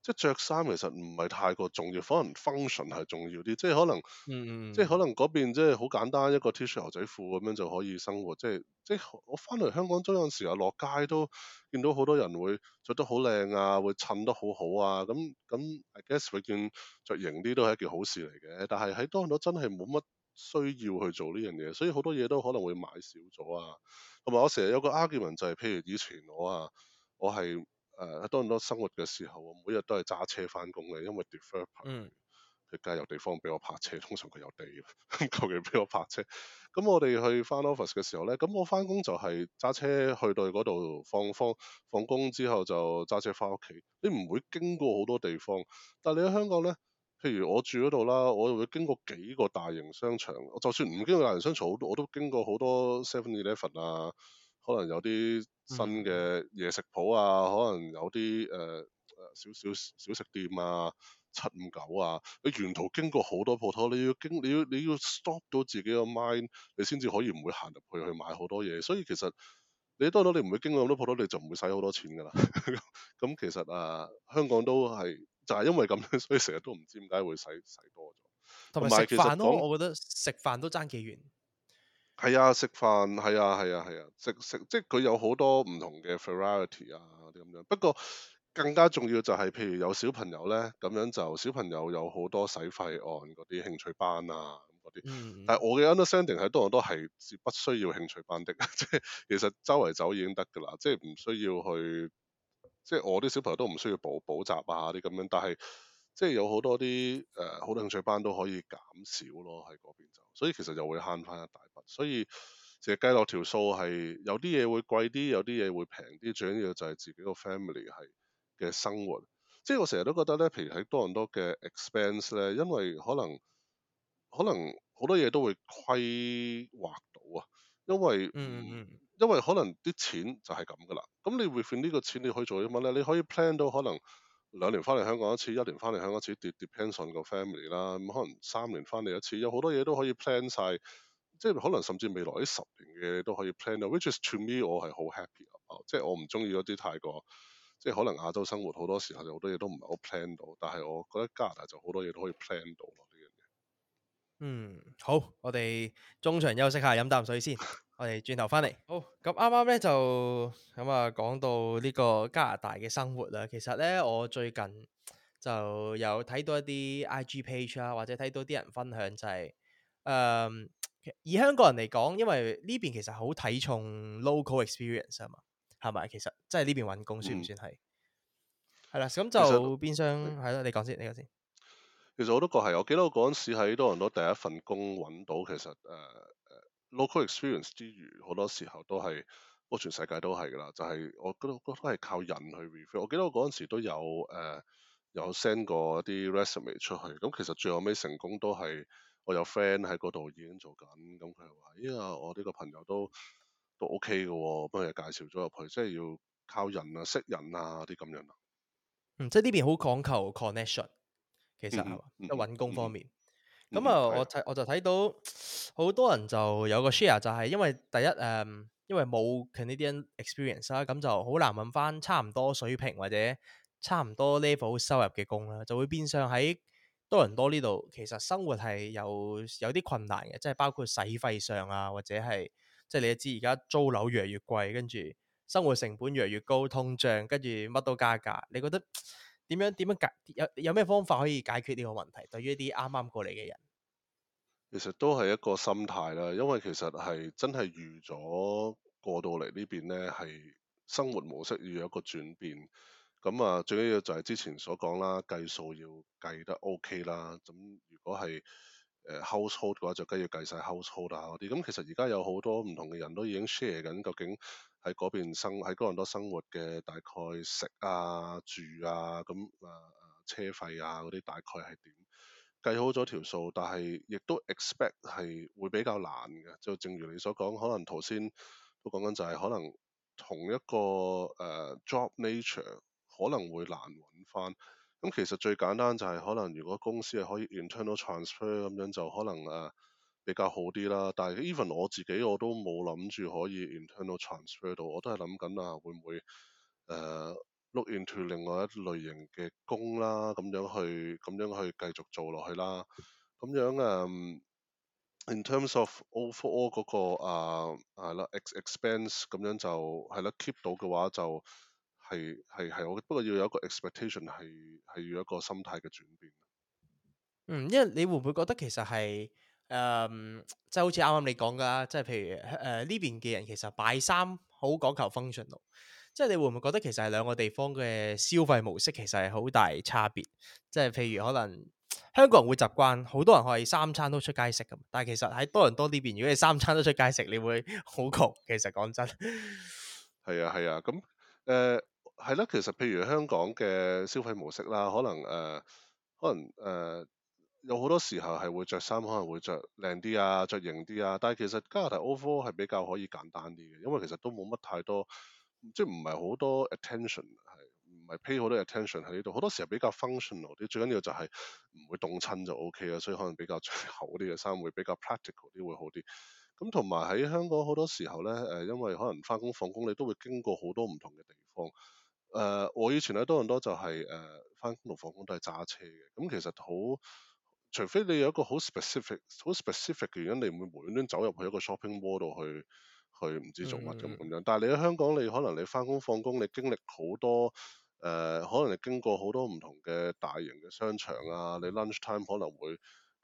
B: 即係着衫其實唔係太過重要，可能 function 係重要啲。即係可能，mm hmm. 即係可能嗰邊即係好簡單一個 T 恤牛仔褲咁樣就可以生活。即係即係我翻嚟香港都有陣時候落街都見到好多人會着得好靚啊，會襯得好好啊。咁咁 I guess 會見著型啲都係一件好事嚟嘅。但係喺多倫多真係冇乜需要去做呢樣嘢，所以好多嘢都可能會買少咗啊。同埋我成日有個 argument 就係，譬如以前我啊。我係誒多倫多生活嘅時候，我每日都係揸車翻工嘅，因為 developer 佢梗係有地方俾我泊車，通常佢有地，求其俾我泊車。咁我哋去翻 office 嘅時候咧，咁我翻工就係揸車去到嗰度，放放放工之後就揸車翻屋企，你唔會經過好多地方。但係你喺香港咧，譬如我住嗰度啦，我會經過幾個大型商場，我就算唔經過大型商場，好多我都經過好多 Seven Eleven 啊。可能有啲新嘅嘢食鋪啊，可能有啲誒誒少少小食店啊、七五九啊，你沿途經過好多鋪頭，你要經你要你要 stop 到自己個 mind，你先至可以唔會行入去去買好多嘢。所以其實你多到你唔會經過好多鋪頭，你就唔會使好多錢㗎啦。咁、 [laughs] 嗯、其實啊、呃，香港都係就係、是、因為咁樣，所以成日都唔知點解會使使多咗。同埋其實我
A: 覺得食飯都爭幾遠。
B: 係啊，食飯係啊係啊係啊，食食、啊啊啊、即係佢有好多唔同嘅 variety 啊，嗰啲咁樣。不過更加重要就係，譬如有小朋友咧，咁樣就小朋友有好多使費案，嗰啲興趣班啊，咁嗰啲。但係我嘅 understanding 喺多數都係不需要興趣班的，即係其實周圍走已經得㗎啦，即係唔需要去，即係我啲小朋友都唔需要補補習啊啲咁樣，但係。即係有好多啲誒，好、呃、興趣班都可以減少咯，喺嗰邊就，所以其實又會慳翻一大筆。所以淨係計落條數係有啲嘢會貴啲，有啲嘢會平啲。最緊要就係自己個 family 係嘅生活。即係我成日都覺得咧，譬如喺多倫多嘅 expense 咧，因為可能可能好多嘢都會規劃到啊。因為、mm hmm。因為可能啲錢就係咁噶啦。咁你 within 呢個錢你可以做啲乜咧？你可以 plan 到可能。兩年翻嚟香港一次，一年翻嚟香港一次，Depend on 個 family 啦。咁可能三年翻嚟一次，有好多嘢都可以 plan 晒，即係可能甚至未來十年嘅嘢都可以 plan 到。Which is to me，我係好 happy、啊、即係我唔中意嗰啲太過即係可能亞洲生活好多時候有好多嘢都唔係好 plan 到，但係我覺得加拿大就好多嘢都可以 plan 到咯。呢樣嘢嗯
A: 好，我哋中場休息下，飲啖水先。 [laughs] 我哋轉頭翻嚟，好，咁啱啱咧就咁啊、嗯，講到呢個加拿大嘅生活啦。其實咧，我最近就有睇到一啲 IG page 啊，或者睇到啲人分享、就是，就係誒，以香港人嚟講，因為呢邊其實好睇重 local experience 啊嘛，係咪？其實即係呢邊揾工算唔算係？係啦、嗯，咁就變相係咯，你講先，你講先。
B: 其實我都覺係，我記得我嗰陣時喺多倫多第一份工揾到，其實誒。Uh, Local experience 之餘，好多時候都係，我全世界都係㗎啦。就係、是、我覺得都係靠人去 refer。我記得我嗰陣時都有誒、呃，有 send 過一啲 resume 出去。咁其實最後尾成功都係我有 friend 喺嗰度已經做緊。咁佢話：因為、哎、啊，我呢個朋友都都 OK 嘅、哦，幫佢介紹咗入去。即係要靠人啊，識人啊啲咁樣啊。嗯，
A: 即係呢邊好講求 connection。其實喺揾、嗯、工方面。咁啊，嗯、我就我就睇到好多人就有個 share，就係因為第一誒、嗯，因為冇 Canadian experience 啦、啊，咁就好難揾返差唔多水平或者差唔多 level 收入嘅工啦，就會變相喺多倫多呢度，其實生活係有有啲困難嘅，即係包括使費上啊，或者係即係你都知而家租樓越嚟越貴，跟住生活成本越嚟越高，通脹跟住乜都加價，你覺得？點樣點樣解有有咩方法可以解決呢個問題？對於一啲啱啱過嚟嘅人，
B: 其實都係一個心態啦。因為其實係真係預咗過到嚟呢邊呢，係生活模式要有一個轉變。咁、嗯、啊，最緊要就係之前所講啦，計數要計得 OK 啦。咁如果係，誒 household 嘅話，就梗要計晒 household 啦嗰啲。咁其實而家有好多唔同嘅人都已經 share 緊，究竟喺嗰邊生喺多倫多生活嘅，大概食啊、住啊、咁啊啊車費啊嗰啲大概係點？計好咗條數，但係亦都 expect 係會比較難嘅。就正如你所講，可能頭先都講緊就係、是、可能同一個誒、uh, job nature 可能會難揾翻。咁其實最簡單就係、是、可能如果公司係可以 internal transfer 咁樣就可能啊、呃、比較好啲啦。但係 even 我自己我都冇諗住可以 internal transfer 到，我都係諗緊啊會唔會誒、呃、look into 另外一類型嘅工啦，咁樣去咁樣去繼續做落去啦。咁樣誒、嗯、in terms of overall 嗰、那個啊係、呃、啦 expense 咁樣就係啦 keep 到嘅話就。係係係我，不過要有一個 expectation，係係要一個心態嘅轉變。
A: 嗯，因為你會唔會覺得其實係誒，即、呃、係好似啱啱你講噶即係譬如誒呢、呃、邊嘅人其實買衫好講求 function 咯，即係你會唔會覺得其實係兩個地方嘅消費模式其實係好大差別？即、就、係、是、譬如可能香港人會習慣好多人可以三餐都出街食咁，但係其實喺多倫多呢邊，如果你三餐都出街食，你會好窮。其實講真，
B: 係啊係啊，咁誒、啊。嗯呃係啦，其實譬如香港嘅消費模式啦，可能誒、呃，可能誒、呃，有好多時候係會着衫，可能會着靚啲啊，着型啲啊。但係其實加拿大 overall 係比較可以簡單啲嘅，因為其實都冇乜太多，即係唔係好多 attention 係，唔係 pay 好多 attention 喺呢度。好多時候比較 functional 啲，最緊要就係唔會凍親就 OK 啦。所以可能比較厚啲嘅衫會比較 practical 啲會好啲。咁同埋喺香港好多時候咧，誒、呃，因為可能返工放工你都會經過好多唔同嘅地方。誒，uh, 我以前喺多倫多就係、是、誒，翻工同放工都係揸車嘅。咁、嗯、其實好，除非你有一個好 specific、好 specific 嘅原因，你唔會無端端走入去一個 shopping mall 度去，去唔知做乜咁、mm hmm. 樣。但係你喺香港，你可能你翻工放工，你經歷好多誒，uh, 可能你經過好多唔同嘅大型嘅商場啊。你 lunch time 可能會，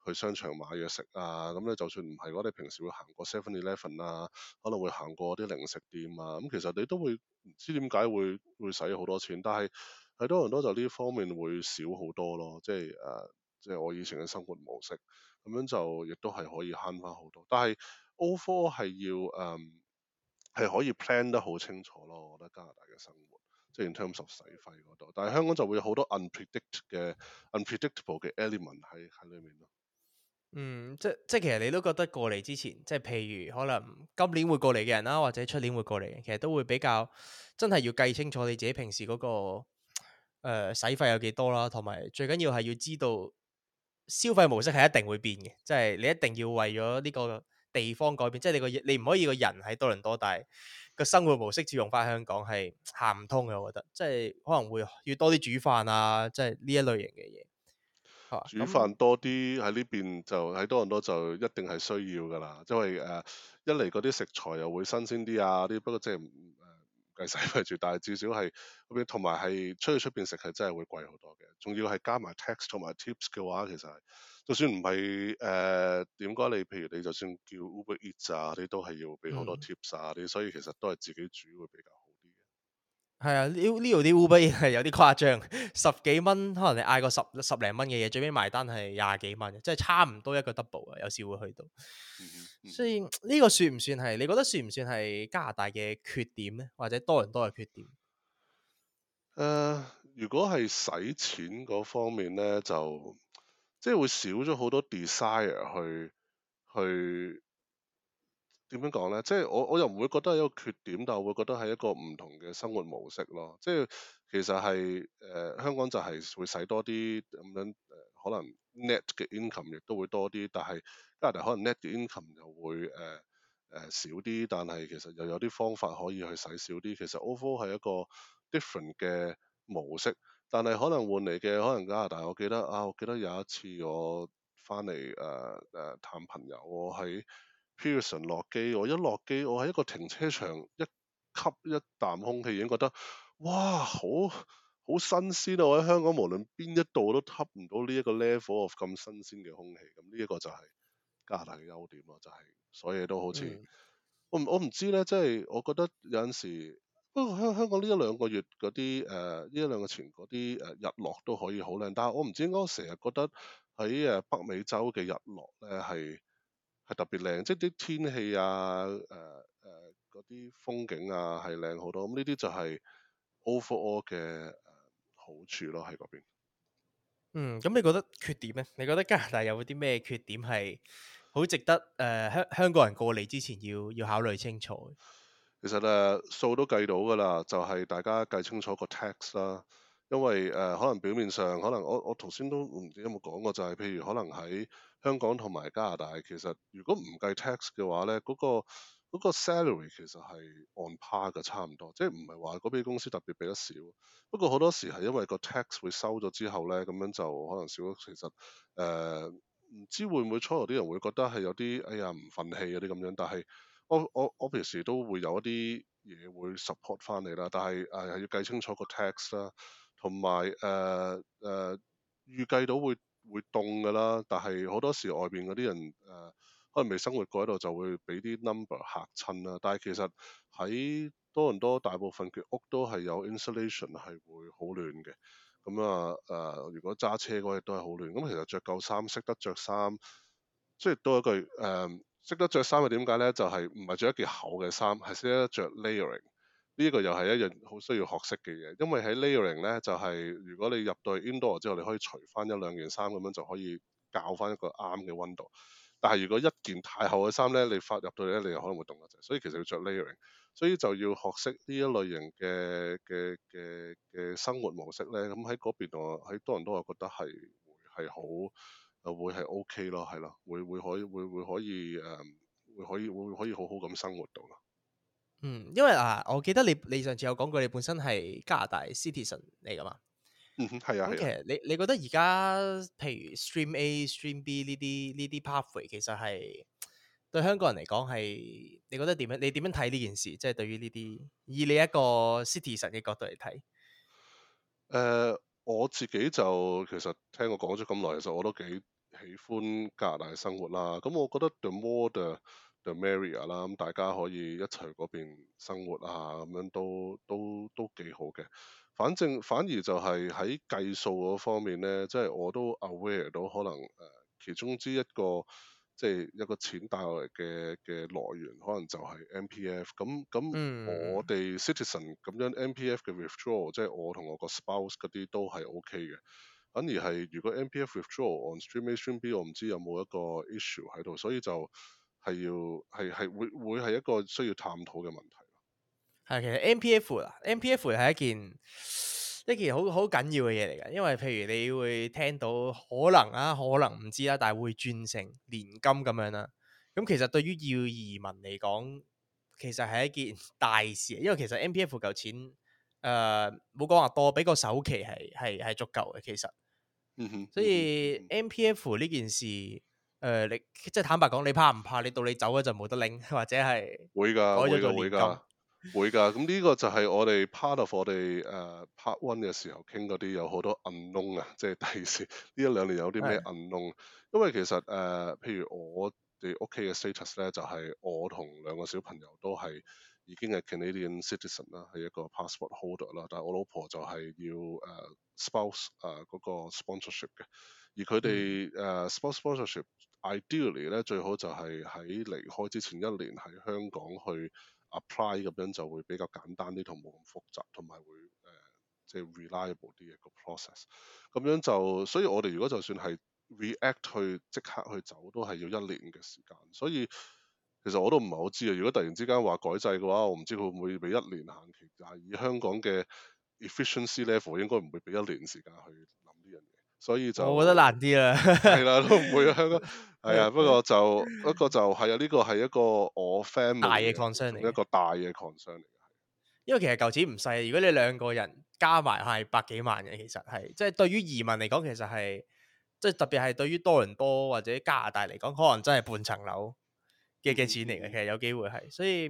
B: 去商場買嘢食啊，咁咧就算唔係，我哋平時會行過 Seven Eleven 啊，可能會行過啲零食店啊，咁、嗯、其實你都會唔知點解會會使好多錢。但係喺多倫多就呢方面會少好多咯，即係誒，uh, 即係我以前嘅生活模式，咁樣就亦都係可以慳翻好多。但係 O Four 係要誒係、um, 可以 plan 得好清楚咯，我覺得加拿大嘅生活，即係 in terms of 使費嗰度。但係香港就會有好多 unpredict 嘅 unpredictable 嘅 element 喺喺裏面咯。
A: 嗯，即即其實你都覺得過嚟之前，即係譬如可能今年會過嚟嘅人啦，或者出年會過嚟嘅，其實都會比較，真係要計清楚你自己平時嗰個誒使費有幾多啦，同埋最緊要係要知道消費模式係一定會變嘅，即係你一定要為咗呢個地方改變，即係你個，你唔可以個人喺多倫多，但係個生活模式照用翻香港係行唔通嘅，我覺得，即係可能會要多啲煮飯啊，即係呢一類型嘅嘢。啊、煮飯
B: 多啲喺呢邊，就喺多倫多就一定係需要㗎啦，因為誒一嚟啲食材又會新鮮啲啊啲，不過即係唔誒計使費住，但係至少係邊，同埋係出去出邊食係真係會貴好多嘅，仲要係加埋 tax 同埋 tips 嘅話其實係就算唔係誒點解你，譬如你就算叫 Uber Eats 啊啲，都係要俾好多 tips 啊啲，嗯、所以其實都係自己煮會比較。
A: 係啊，呢呢度啲 Uber 係有啲誇張，十幾蚊可能你嗌個十十零蚊嘅嘢，最尾埋單係廿幾蚊，即係差唔多一個 double 啊！有時會去到，嗯、哼所以呢、呢個算唔算係你覺得算唔算係加拿大嘅缺點呢？或者多人多嘅缺點？誒、呃，如果係
B: 使錢嗰方面呢，就即係會少咗好多 desire 去去。去點樣講咧？即係我我又唔會覺得係一個缺點，但係我會覺得係一個唔同嘅生活模式咯。即係其實係誒、呃、香港就係會使多啲咁樣誒、呃，可能 net 嘅 income 亦都會多啲，但係加拿大可能 net 嘅 income 又會誒誒少啲。但係其實又有啲方法可以去使少啲。其實 overall 係一個 different 嘅模式，但係可能換嚟嘅可能加拿大，我記得啊，我記得有一次我翻嚟誒誒探朋友，我喺 Pearson 落機，我一落機，我喺一個停車場一吸一啖空氣已經覺得哇好好新鮮啊！我喺香港無論邊一度都吸唔到呢一個 level of 咁新鮮嘅空氣，咁呢一個就係加拿大嘅優點咯，就係、是、所以都好似、嗯、我唔我唔知咧，即、就、係、是、我覺得有陣時不過香香港呢一兩個月嗰啲誒呢一兩個前嗰啲誒日落都可以好靚，但係我唔知點解成日覺得喺誒北美洲嘅日落咧係，係特別靚，即係啲天氣啊，誒誒嗰啲風景啊，係靚好多。咁呢啲就係 overall 嘅、呃、好處
A: 咯，喺嗰邊嗯。嗯，咁你覺得缺點咧？你覺得加拿大有啲咩缺點係好值得誒香、呃、香港人過嚟之前要要考慮清楚？
B: 其實誒數都計到㗎啦，就係、是、大家計清楚個 tax 啦。因為誒、呃，可能表面上可能我我頭先都唔知有冇講過，就係、係、譬如可能喺香港同埋加拿大，其實如果唔計 tax 嘅話咧，嗰、嗰個、嗰個、salary 其實係 on par 嘅，差唔多，即係唔係話嗰邊公司特別俾得少。不過好多時係因為個 tax 會收咗之後咧，咁樣就可能少咗。其實誒唔、呃、知會唔會初頭啲人會覺得係有啲哎呀唔憤氣嗰啲咁樣，但係我我我平時都會有一啲嘢會 support 翻你啦。但係誒係要計清楚個 tax 啦。同埋誒誒預計到會會凍㗎啦，但係好多時外邊嗰啲人誒、呃、可能未生活過喺度，就會俾啲 number 嚇親啦。但係其實喺多倫多大部分嘅屋都係有 insulation 係會好暖嘅。咁啊誒、呃，如果揸車嗰啲都係好暖。咁其實着夠衫，識得着衫，即係都有一句誒，識、嗯、得着衫係點解咧？就係唔係着一件厚嘅衫，係識得着 layering。呢個又係一樣好需要學識嘅嘢，因為喺 layering 咧就係、是、如果你入到去 indoor 之後，你可以除翻一兩件衫咁樣，就可以教翻一個啱嘅溫度。但係如果一件太厚嘅衫咧，你發入到嚟咧，你又可能會凍得滯。所以其實要着 layering，所以就要學識呢一類型嘅嘅嘅嘅生活模式咧。咁喺嗰邊同喺多人都話覺得係係好啊，會係 OK 咯，係咯，會會可以會會可以誒，會可以會可以好好咁生活到啦。
A: 嗯，因為啊，我記得你你上次有講過你本身係加拿大 citizen 嚟噶嘛？嗯哼，係啊。咁其實你你覺得而家譬如 stream A、stream B 呢啲呢啲 pathway 其實係對香港人嚟講係你覺得點樣？你點樣睇呢件事？即係對於呢啲以你一個 citizen 嘅角度嚟睇？
B: 誒、呃，我自己就其實聽我講咗咁耐，其實我都幾喜歡加拿大生活啦。咁我覺得 the more the 就 Maria 啦，咁大家可以一齊去嗰邊生活啊，咁樣都都都幾好嘅。反正反而就係喺計數嗰方面咧，即係我都 aware 到可能誒呃其中之一個即係一個錢帶嚟嘅嘅來源，可能就係 MPF 咁咁。我哋 Citizen 咁、mm. 樣 MPF 嘅 Withdrawal 即係我同我個 Spouse 嗰啲都係 OK 嘅。反而係如果 MPF Withdrawal on Stream A Stream B，我唔知有冇一個 issue 喺度，所以就。係要係係會會係一個需要探討嘅問題。係
A: 其實 M P F 啦，M P F 係一件一件好好緊要嘅嘢嚟嘅。因為譬如你會聽到可能啊，可能唔知啦、啊，但係會轉成年金咁樣啦。咁、嗯、其實對於要移民嚟講，其實係一件大事。因為其實 M P F 嚿錢誒，冇講話多，俾個首期係係係足夠嘅。其實，嗯、哼。所以 M P F 呢件事。誒、呃、你即係坦白講，你怕唔怕？你到你走咧就冇得拎，或者係會
B: 㗎，會㗎，會㗎。咁、嗯、呢、這個就係我哋 part of 我哋誒 part one 嘅時候傾嗰啲有好多 unknown 啊，即係第時呢一兩年有啲咩 unknown。的因為其實誒，uh, 譬如我哋屋企嘅 status 咧，就係、是、我同兩個小朋友都係已經係 Canadian citizen 啦，係一個 passport holder 啦。但係我老婆就係要誒、uh, spouse 誒、uh, 嗰個 sponsorship 嘅，而佢哋誒 spouse sponsorship。Ideally 咧，最好就係喺離開之前一年喺香港去 apply，咁樣就會比較簡單啲，同冇咁複雜，同埋會誒、呃、即係 reliable 啲嘅、個 process。咁樣就，所以我哋如果就算係 react 去即刻去走，都係要一年嘅時間。所以其實我都唔係好知啊。如果突然之間話改制嘅話，我唔知佢會唔會俾一年限期。但係以香港嘅 efficiency level，應該唔會俾一年時間去諗呢樣嘢。所以就我覺得
A: 難啲啦。係 [laughs] 啦，都唔會啊，香港。係啊， [laughs] 不
B: 過就不過、那個、就係、係、啊。呢個係一個我 family 大嘅 concern 嚟，一個大嘅 concern
A: 嚟。因為其實舊錢唔細，如果你兩個人加埋係百幾萬嘅，其實係即係對於移民嚟講，其實係即係特別係對於多倫多或者加拿大嚟講，可能真係半層樓嘅嘅錢嚟嘅。嗯、其實有機會係，所以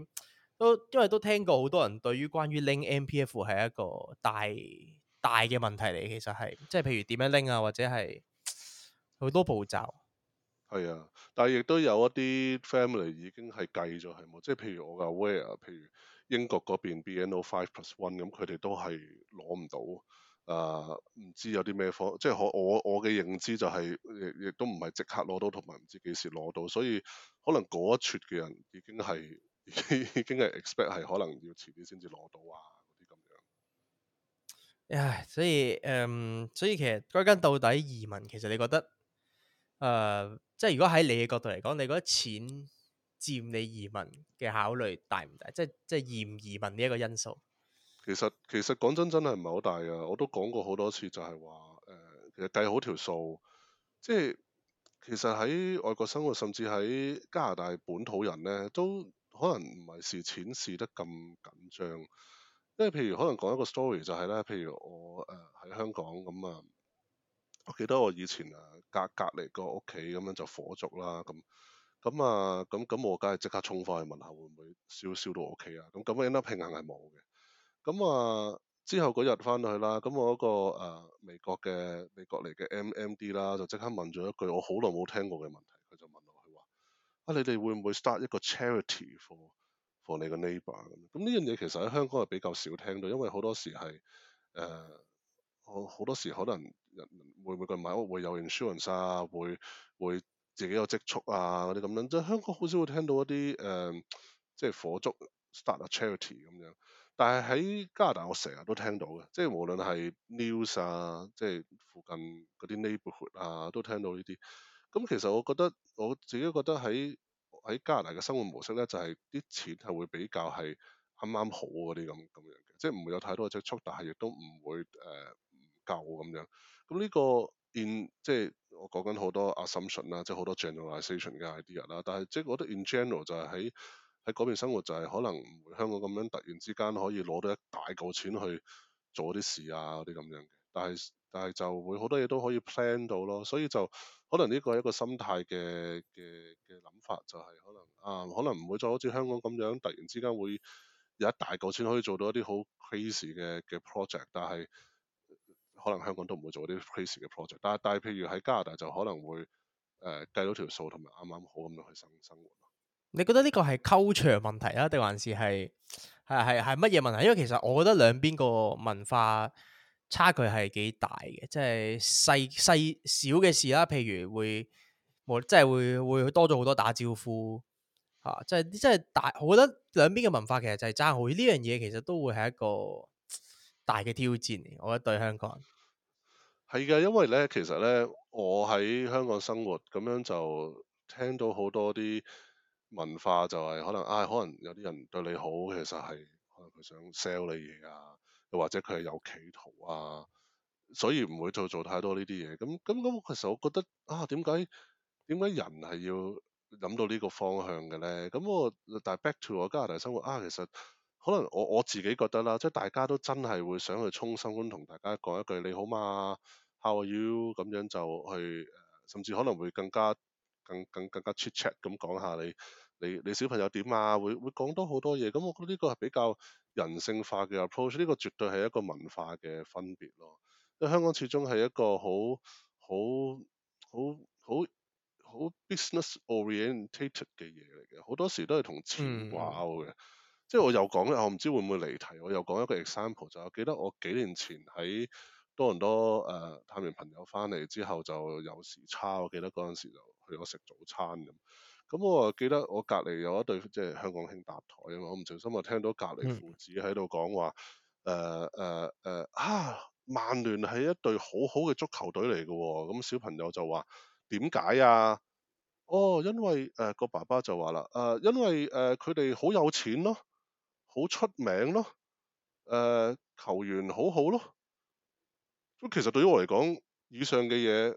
A: 都因為都聽過好多人對於關於拎 MPF 係一個大大嘅問題嚟。其實係即係譬如點樣拎啊，或者係好多步驟。
B: 係啊，但係亦都有一啲 family 已經係計咗係冇，即係譬如我嘅 Where，譬如英國嗰邊 BNO Five Plus One 咁，佢哋、NO、都係攞唔到啊。唔、呃、知有啲咩科，即係我我我嘅認知就係、是、亦都唔係即刻攞到，同埋唔知幾時攞到，所以可能嗰一撮嘅人已經係已經係 expect 係可能要遲啲先至攞到啊嗰啲咁樣。
A: 唉、哎，所以誒，um，所以其實歸根到底移民，其實你覺得？誒、呃，即係如果喺你嘅角度嚟講，你覺得錢佔你移民嘅考慮大唔大？即係即係移唔移民呢一個因素。
B: 其實其實講真真係唔係好大啊！我都講過好多次就，就係話誒，其實計好條數，即係其實喺外國生活，甚至喺加拿大本土人咧，都可能唔係視錢視得咁緊張。因為譬如可能講一個 story 就係咧，譬如我誒喺香港咁啊。我記得我以前啊，隔隔離個屋企咁樣就火燭啦，咁咁啊，咁咁我梗係即刻衝翻去問下會唔會燒燒到我屋企啊？咁咁樣咧平衡係冇嘅。咁啊，之後嗰日翻到去啦，咁我一個、啊、美國嘅美國嚟嘅 MMD 啦，就即刻問咗一句我好耐冇聽過嘅問題，佢就問我：「佢話：啊，你哋會唔會 start 一個 charity for for 你個 neighbor 咁？咁呢樣嘢其實喺香港係比較少聽到，因為好多時係誒好好多時可能。會唔會佢買屋會有 insurance 啊，會會自己有積蓄啊嗰啲咁樣，即係香港好少會聽到一啲誒、呃，即係火燭 start a charity 咁樣。但係喺加拿大，我成日都聽到嘅，即係無論係 news 啊，即係附近嗰啲 neighborhood 啊，都聽到呢啲。咁、嗯、其實我覺得我自己覺得喺喺加拿大嘅生活模式咧，就係、是、啲錢係會比較係啱啱好嗰啲咁咁樣嘅，即係唔會有太多嘅積蓄，但係亦都唔會誒唔夠咁樣。咁呢個 in 即係我講緊好多 assumption 啦，即係好多 generalization 嘅 idea 啦。但係即係我覺得 in general 就係喺喺嗰邊生活就係可能唔會香港咁樣突然之間可以攞到一大嚿錢去做啲事啊嗰啲咁樣嘅。但係但係就會好多嘢都可以 plan 到咯。所以就可能呢個係一個心態嘅嘅嘅諗法，就係可能啊，可能唔會再好似香港咁樣突然之間會有一大嚿錢可以做到一啲好 crazy 嘅嘅 project，但係。可能香港都唔會做啲 crazy 嘅 project，但係但係譬如喺加拿大就可能會誒、呃、計到條數同埋啱啱好咁樣去生生活咯。
A: 你覺得呢個係溝長問題啊，定還是係係係係乜嘢問題？因為其實我覺得兩邊個文化差距係幾大嘅，即係細細小嘅事啦。譬如會，即係會會多咗好多打招呼嚇、啊，即係即係大。我覺得兩邊嘅文化其實就係爭好遠呢樣嘢，這個、其實都會係一個大嘅挑戰。我覺得對香港。
B: 係嘅，因為咧，其實咧，我喺香港生活咁樣就聽到好多啲文化，就是，就係可能，啊，可能有啲人對你好，其實係可能佢想 sell 你嘢啊，又或者佢係有企圖啊，所以唔會再做，做太多呢啲嘢。咁咁咁，其實我覺得啊，點解點解人係要諗到呢個方向嘅咧？咁我但 back to 我加拿大生活啊，其實。可能我我自己覺得啦，即係大家都真係會想去衷心咁同大家講一句你好嘛，How are you？咁樣就去、呃，甚至可能會更加、更、更、更加 chit chat 咁講下你、你、你小朋友點啊，會會講多好多嘢。咁我覺得呢個係比較人性化嘅 approach，呢個絕對係一個文化嘅分別咯。因為香港始終係一個好好好好好 business orientated 嘅嘢嚟嘅，好多時都係同錢掛鈎嘅。嗯即係我又講一，我唔知會唔會離題。我又講一個 example，就我記得我幾年前喺多倫多誒、呃、探完朋友翻嚟之後，就有時差。我記得嗰陣時就去咗食早餐咁。咁我又記得我隔離有一對即係香港兄搭台啊嘛。我唔小心啊聽到隔離父子喺度講話誒誒誒啊，曼聯係一隊好好嘅足球隊嚟㗎喎。咁小朋友就話點解啊？哦，因為誒、呃、個爸爸就話啦，誒、呃、因為誒佢哋好有錢咯。好出名咯，誒、呃、球員好好咯，咁其實對於我嚟講，以上嘅嘢，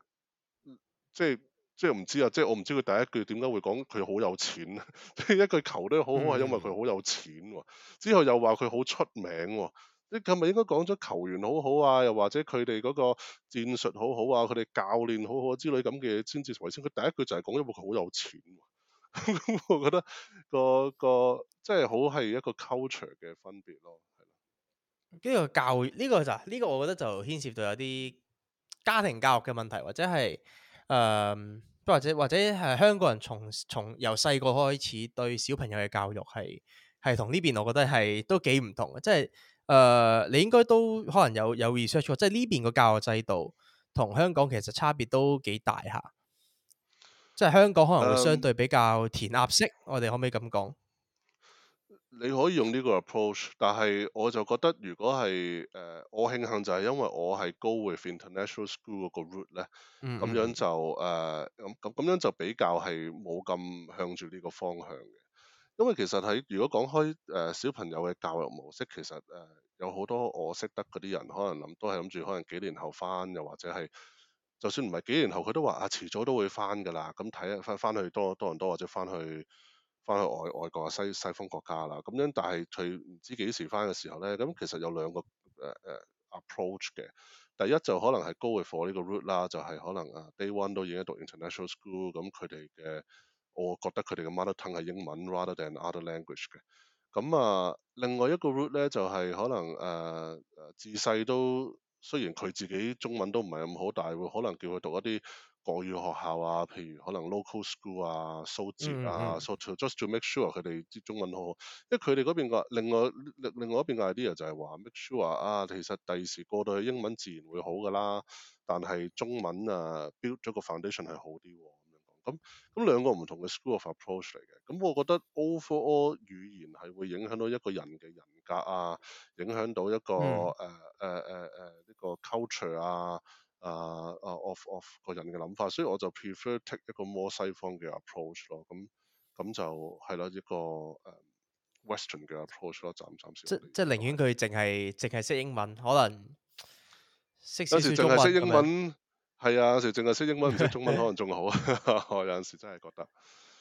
B: 即係即係唔知啊，即係我唔知佢第一句點解會講佢好有錢，即 [laughs] 係一句球都好好係因為佢好有錢、嗯、之後又話佢好出名喎，你係咪應該講咗球員好好啊，又或者佢哋嗰個戰術好好啊，佢哋教練好好之類咁嘅先至為先？佢第一句就係講咗：「因為佢好有錢 [laughs] 我覺得、那個個即係好係一個 culture 嘅分別咯，係咯。呢
A: 個教育呢個就呢個，這個、我覺得就牽涉到有啲家庭教育嘅問題，或者係誒、呃，或者或者係香港人從從,從由細個開始對小朋友嘅教育係係同呢邊，我覺得係都幾唔同嘅。即係誒、呃，你應該都可能有有 research，即係呢邊嘅教育制度同香港其實差別都幾大吓。即係香港可能會相對比較填鴨式，um, 我哋可唔可以咁講？
B: 你可以用呢個 approach，但係我就覺得如果係誒、呃，我慶幸就係因為我係 go with international school 嗰個 route 咧，咁樣就誒咁咁咁樣就比較係冇咁向住呢個方向嘅。因為其實喺如果講開誒、呃、小朋友嘅教育模式，其實誒、呃、有好多我識得嗰啲人，可能諗都係諗住可能幾年後返，又或者係。就算唔係幾年後，佢都話啊，遲早都會翻㗎啦。咁睇翻翻去多多倫多或者翻去翻去外外國啊西西方國家啦。咁樣，但係佢唔知幾時翻嘅時候咧，咁其實有兩個誒誒、uh, approach 嘅。第一就可能係 go for 呢個 route 啦，就係、是、可能啊、uh,，day one 都已經讀 international school，咁佢哋嘅我覺得佢哋嘅 mother tongue 係英文，rather than other language 嘅。咁啊，uh, 另外一個 route 咧就係、是、可能誒誒、uh, 自細都。雖然佢自己中文都唔係咁好，但係會可能叫佢讀一啲國語學校啊，譬如可能 local school 啊、蘇浙啊、s,、mm hmm. so、so、蘇，just to make sure 佢哋啲中文好好，因為佢哋嗰邊嘅另外另外一邊嘅 idea 就係話 make sure 啊，其實第二時過到去英文自然會好噶啦，但係中文啊 build 咗個 foundation 係好啲、哦。咁咁兩個唔同嘅 school of approach 嚟嘅，咁我覺得 over all 語言係會影響到一個人嘅人格啊，影響到一個誒誒誒誒呢個 culture 啊啊啊，啊 of 啊啊、Ou、of 個人嘅諗法，所以我就 prefer take 一個 more 西方嘅 approach 咯，咁咁就係啦，一個誒 western 嘅、啊、approach 咯，暫暫
A: 時即即寧願佢淨係淨係識英文，可能有時淨係識英文。
B: 係啊，有時淨係識英文唔識中文，可能仲好啊。的 [laughs] 我有陣時真係覺得。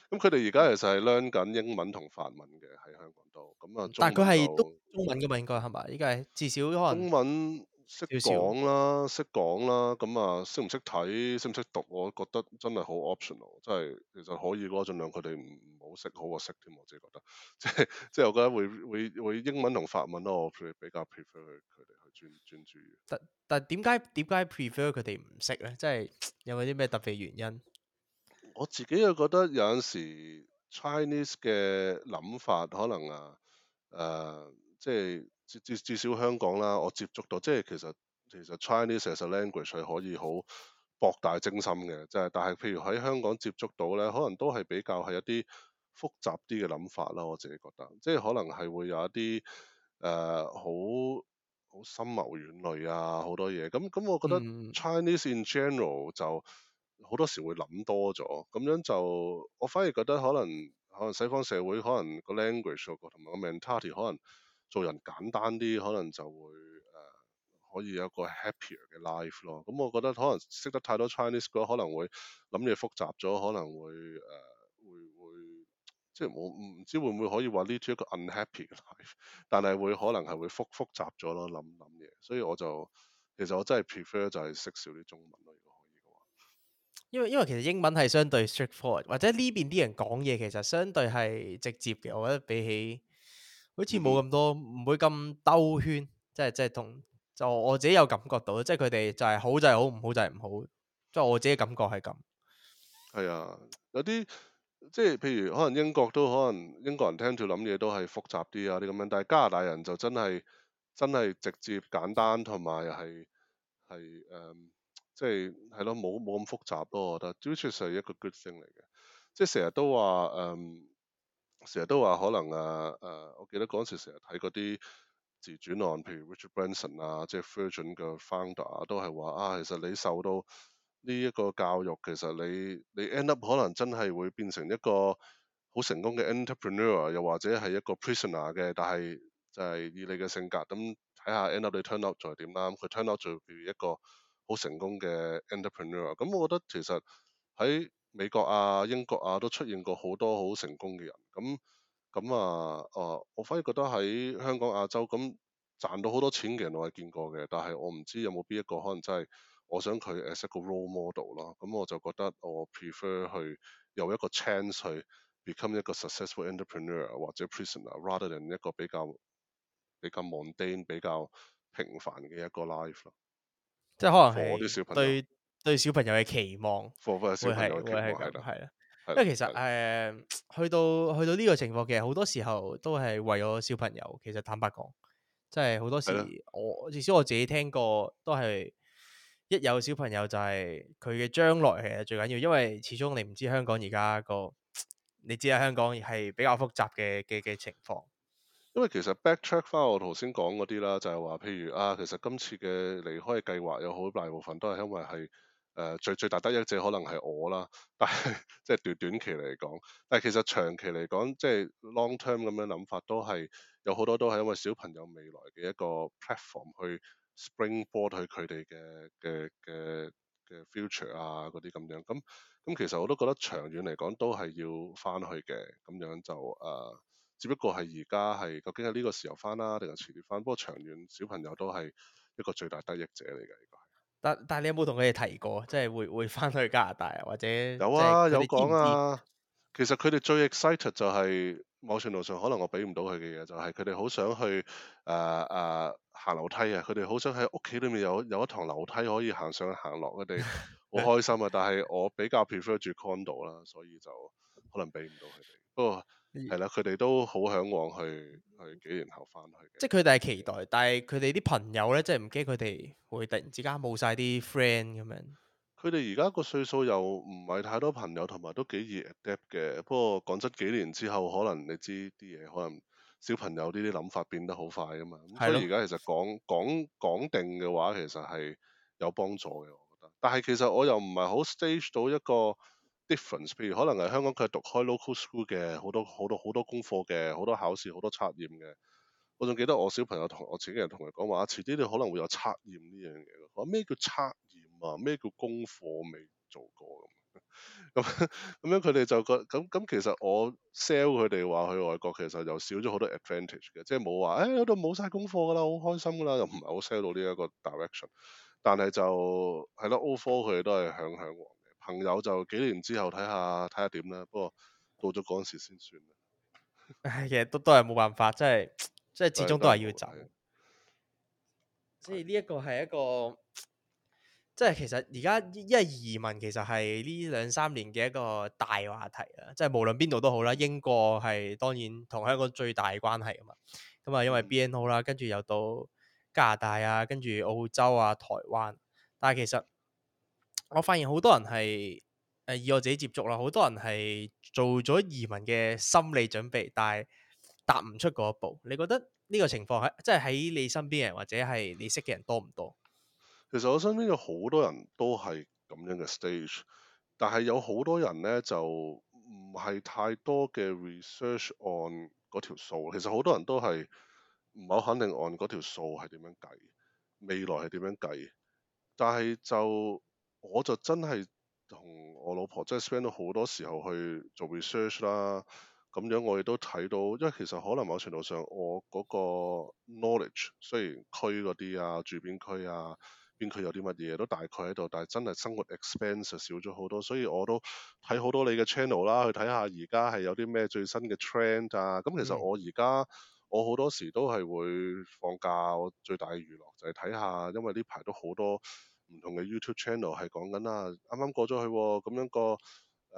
B: 咁佢哋而家其實係 learn 緊英文同法文嘅喺香港度。咁啊，但佢係讀
A: 中文噶嘛？應該係咪？應該係至少可能。英文識講
B: 啦，識少講啦。咁啊，識唔識睇，識唔識讀？我覺得真係好 optional，真係其實可以咯。盡量佢哋唔好識，好我識添。我自己覺得，即係即係我覺得會會會，會英文同法文咯，我比較 prefer 佢哋。
A: 轉轉注嘅，但但點解點解 prefer 佢哋唔識咧？即係有冇啲咩特別原因？我自己又覺得有陣
B: 時 Chinese 嘅諗法可能啊誒、呃，即係至至至少香港啦，我接觸到即係其實其實 Chinese 其實 language 係可以好博大精深嘅，即、就、係、是、但係譬如喺香港接觸到咧，可能都係比較係一啲複雜啲嘅諗法啦。我自己覺得，即係可能係會有一啲誒好。呃好深謀遠慮啊，好多嘢咁咁，我覺得 Chinese in general 就好多時會諗多咗，咁樣就我反而覺得可能可能西方社會可能個 language 同埋個 mentality 可能做人簡單啲，可能就會誒、uh，可以有一個 happier 嘅 life 咯。咁、嗯、我覺得可能識得太多 Chinese 嘅可能會諗嘢複雜咗，可能會誒、uh，會。即係我唔知會唔會可以話呢啲一個 unhappy 嘅 life，但係會可能係會複複雜咗咯諗諗嘢，所以我就其實我真係 prefer 就係識少啲中文咯，如果可以嘅話。
A: 因為因為其實英文係相對 straightforward，或者呢邊啲人講嘢其實相對係直接嘅，我覺得比起好似冇咁多唔、mm hmm. 會咁兜圈，即係即係同就我自己有感覺到，即係佢哋就係好就係好，唔好就係唔好，即係我自己感覺係咁。
B: 係啊、哎，有啲。即係譬如可能英國都可能英國人聽住諗嘢都係複雜啲啊，啲咁樣，但係加拿大人就真係真係直接簡單，同埋係係誒，即係係咯冇冇咁複雜咯，我覺得。都算係一個 good thing 嚟嘅，即係成日都話誒，成、嗯、日都話可能啊。誒、啊，我記得嗰陣時成日睇嗰啲自傳案，譬如 Richard Branson 啊，即係 Virgin 嘅 founder 啊，都係話啊，其實你受到。呢一個教育，其實你你 end up 可能真係會變成一個好成功嘅 entrepreneur，又或者係一個 prisoner 嘅，但係就係以你嘅性格咁睇下 end up 你 turn up 就係點啦，佢 turn up 就係一個好成功嘅 entrepreneur，咁我覺得其實喺美國啊、英國啊都出現過好多好成功嘅人。咁咁啊，哦、啊，我反而覺得喺香港、亞洲咁賺到好多錢嘅人我係見過嘅，但係我唔知有冇邊一個可能真係。我想佢 as 一個 role model 咯，咁、嗯、我就覺得我 prefer 去有一個 chance 去 become 一個 successful entrepreneur 或者 prisoner，rather than 一個比較比較 mundane 比較平凡嘅一個 life 咯。
A: 即係可能係對小朋友對，對小朋友嘅期望，會係會係咁係啦。因為其實誒、uh，去到去到呢個情況，其實好多時候都係為咗小朋友。其實坦白講，即係好多時的我至少我自己聽過都係。一有小朋友就係佢嘅將來，其實最緊要，因為始終你唔知香港而家個，你知啦，香港係比較複雜嘅嘅嘅情況。
B: 因為其實 backtrack 翻我頭先講嗰啲啦，就係話，譬如啊，其實今次嘅離開嘅計劃有好大部分都係因為係誒，呃，最最大得益者可能係我啦，但係即係短短期嚟講，但係其實長期嚟講，即係 long term 咁樣諗法都係有好多都係因為小朋友未來嘅一個 platform 去。Springboard 去佢哋嘅嘅嘅嘅 future 啊，嗰啲咁樣咁咁、嗯嗯，其實我都覺得長遠嚟講都係要翻去嘅，咁樣就誒、呃，只不過係而家係究竟係呢個時候翻啦、啊，定係遲啲翻？不過長遠小朋友都係一個最大得益者嚟嘅、呢個
A: 係。但但係你有冇同佢哋提過，即係會會翻去加拿大或者有啊有講啊？知
B: 知其實佢哋最 excited 就係、是、某程度上可能我俾唔到佢嘅嘢，就係佢哋好想去誒誒。啊啊啊行樓梯啊！佢哋好想喺屋企裏面有有一堂樓梯可以行上行落，佢哋好開心啊！ [laughs] 但係我比較 prefer 住 condo 啦，所以就可能俾唔到佢哋。不過係啦，佢哋、嗯、都好向往去去幾年後翻去
A: 嘅。即係佢哋係期待，但係佢哋啲朋友咧，即係唔驚佢哋會突然之間冇晒啲 friend 咁樣。
B: 佢哋而家個歲數又唔係太多朋友，同埋都幾易 adapt 嘅。不過講真，幾年之後可能你知啲嘢可能。小朋友呢啲諗法變得好快啊嘛，咁所以而家其實講講講定嘅話，其實係有幫助嘅，我覺得。但係其實我又唔係好 stage 到一個 difference，譬如可能係香港佢係讀開 local school 嘅，好多好多好多功課嘅，好多考試好多測驗嘅。我仲記得我小朋友同我自己人同佢講話，遲啲你可能會有測驗呢樣嘢。我話咩叫測驗啊？咩叫功課我未做過咁。咁咁 [laughs] 樣佢哋就覺咁咁，其實我 sell 佢哋話去外國，其實又少咗好多 advantage 嘅，即係冇話誒，嗰度冇晒功課噶啦，好開心噶啦，又唔係好 sell 到呢一個 direction 但。但係就係咯，O 科佢哋都係向向旺嘅。朋友就幾年之後睇下睇下點啦，不過到咗嗰陣時先算啦。唉
A: [laughs] 哎，其實都都係冇辦法，即係即係始終都係要走。哎、所以呢一個係一個。即係其實而家因為移民其實係呢兩三年嘅一個大話題啦。即係無論邊度都好啦，英國係當然同香港最大關係啊嘛。咁啊，因為 BNO 啦，跟住又到加拿大啊，跟住澳洲啊、台灣。但係其實我發現好多人係誒以我自己接觸啦，好多人係做咗移民嘅心理準備，但係踏唔出嗰一步。你覺得呢個情況喺即係喺你身邊嘅人或者係你識嘅人多唔多？
B: 其實我身邊有好多人都係咁樣嘅 stage，但係有好多人呢就唔係太多嘅 research on 嗰條數。其實好多人都係唔好肯定按嗰條數係點樣計，未來係點樣計。但係就我就真係同我老婆即係 spend 到好多時候去做 research 啦，咁樣我亦都睇到，因為其實可能某程度上我嗰個 knowledge，雖然區嗰啲啊，住邊區啊。邊區有啲乜嘢都大概喺度，但係真係生活 expense 少咗好多，所以我都睇好多你嘅 channel 啦，去睇下而家係有啲咩最新嘅 trend 啊。咁其實我而家我好多時都係會放假，我最大嘅娛樂就係睇下，因為呢排都好多唔同嘅 YouTube channel 係講緊啦，啱啱過咗去咁樣個、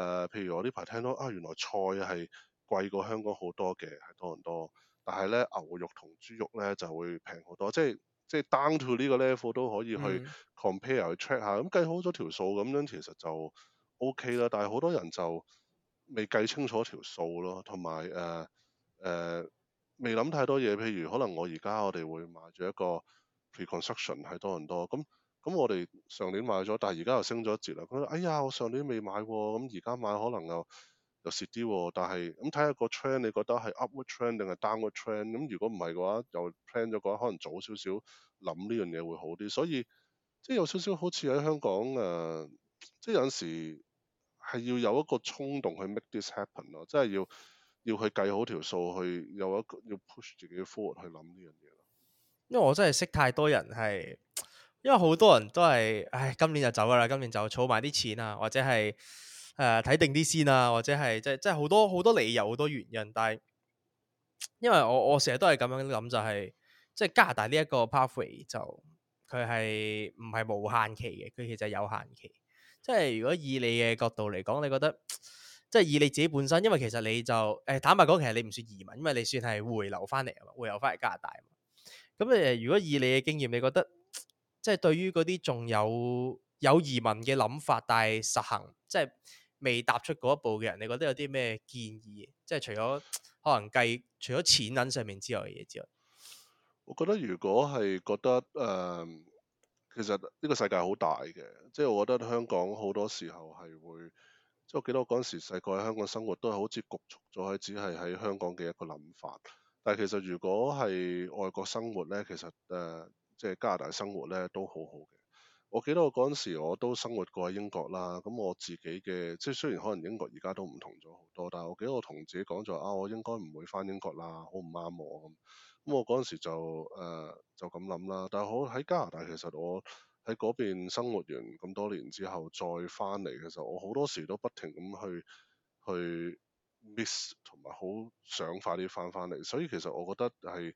B: 呃、譬如我呢排聽到啊，原來菜係貴過香港好多嘅，係多人多？但係呢牛肉同豬肉呢就會平好多，即係。即係 down to 呢個 level 都可以去 compare、嗯、去 check 下，咁計好咗條數，咁樣其實就 OK 啦。但係好多人就未計清楚條數咯，同埋誒誒未諗太多嘢。譬如可能我而家我哋會買咗一個 pre-construction 係多人多咁咁，我哋上年買咗，但係而家又升咗一截啦。佢話：哎呀，我上年未買喎，咁而家買可能又又蝕啲喎，但係咁睇下個 trend，你覺得係 upward trend 定係 downward trend？咁如果唔係嘅話，又 plan 咗嘅話，可能早少少諗呢樣嘢會好啲。所以即係有少少好似喺香港誒、呃，即係有陣時係要有一個衝動去 make this happen 咯，即係要要去計好條數，去有一個要 push 自己嘅 forward 去諗呢樣嘢咯。
A: 因為我真係識太多人係，因為好多人都係唉，今年就走㗎啦，今年就儲埋啲錢啊，或者係。誒睇、呃、定啲先啊，或者係即係即係好多好多理由好多原因，但係因為我我成日都係咁樣諗，就係、是、即係加拿大呢一個 pathway 就佢係唔係無限期嘅，佢其實係有限期。即係如果以你嘅角度嚟講，你覺得即係以你自己本身，因為其實你就誒坦白講，其實你唔算移民，因為你算係回流翻嚟啊嘛，回流翻嚟加拿大啊嘛。咁誒，如果以你嘅經驗，你覺得即係對於嗰啲仲有有移民嘅諗法，但係實行即係，未踏出嗰一步嘅人，你覺得有啲咩建議？即係除咗可能計除咗錢銀上面之外嘅嘢之外，
B: 我覺得如果係覺得誒、呃、其實呢個世界好大嘅，即係我覺得香港好多時候係會，即係我記得我嗰陣時細個喺香港生活都係好似局促咗喺只係喺香港嘅一個諗法。但係其實如果係外國生活咧，其實誒、呃、即係加拿大生活咧都好好嘅。我記得我嗰陣時我都生活過喺英國啦，咁我自己嘅即係雖然可能英國而家都唔同咗好多，但係我記得我同自己講咗：「啊，我應該唔會翻英國啦，好唔啱我」咁。咁我嗰陣時就誒、呃、就咁諗啦。但係我喺加拿大其實我喺嗰邊生活完咁多年之後再翻嚟嘅時候，我好多時都不停咁去去 miss 同埋好想快啲翻翻嚟。所以其實我覺得係。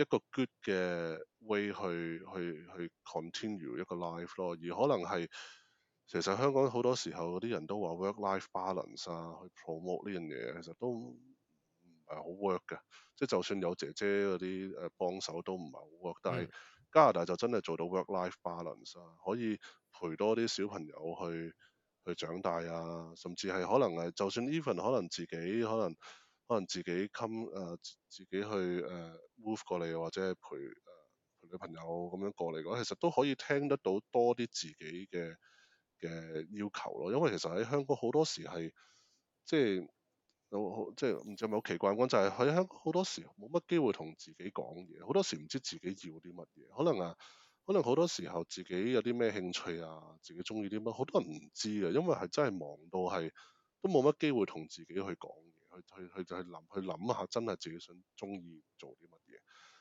B: 一個 good 嘅 way 去去去 continue 一個 life 咯，而可能係其實香港好多時候嗰啲人都話 work-life balance 啊，去 promote 呢樣嘢其實都唔係好 work 嘅，即係就算有姐姐嗰啲誒幫手都唔係好 work，但係加拿大就真係做到 work-life balance 啊，可以陪多啲小朋友去去長大啊，甚至係可能係就算 even 可能自己可能。.可能自己 come 誒、uh，自己去誒、uh, move 過嚟，或者陪誒、uh, 陪女朋友咁樣過嚟嘅話，其實都可以聽得到多啲自己嘅嘅要求咯。因為其實喺香港好多時係即係有好即係唔知係咪好奇怪講就係、是、喺香港好多時冇乜機會同自己講嘢，好多時唔知自己要啲乜嘢。可能啊，可能好多時候自己有啲咩興趣啊，自己中意啲乜，好多人唔知啊，因為係真係忙到係都冇乜機會同自己去講。去去就去諗，去諗下真係自己想中意做啲乜嘢。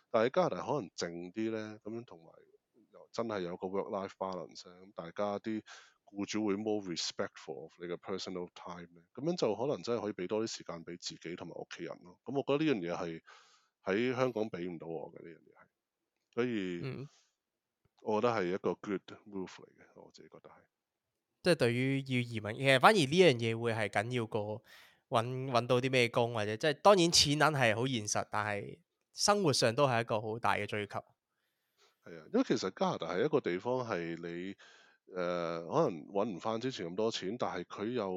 B: 但係加拿大可能靜啲咧，咁樣同埋又真係有個 work-life balance，咁大家啲僱主會 more respectful of 你嘅 personal time 咧，咁樣就可能真係可以俾多啲時間俾自己同埋屋企人咯。咁我覺得呢樣嘢係喺香港俾唔到我嘅，呢樣嘢係，所以我覺得係一個 good move 嚟嘅，我自己覺得係。嗯，
A: 即係對於要移民，其實反而呢樣嘢會係緊要過。揾到啲咩工或者即係當然錢銀係好現實，但係生活上都係一個好大嘅追求。
B: 係啊，因為其實加拿大係一個地方係你誒、呃，可能揾唔翻之前咁多錢，但係佢又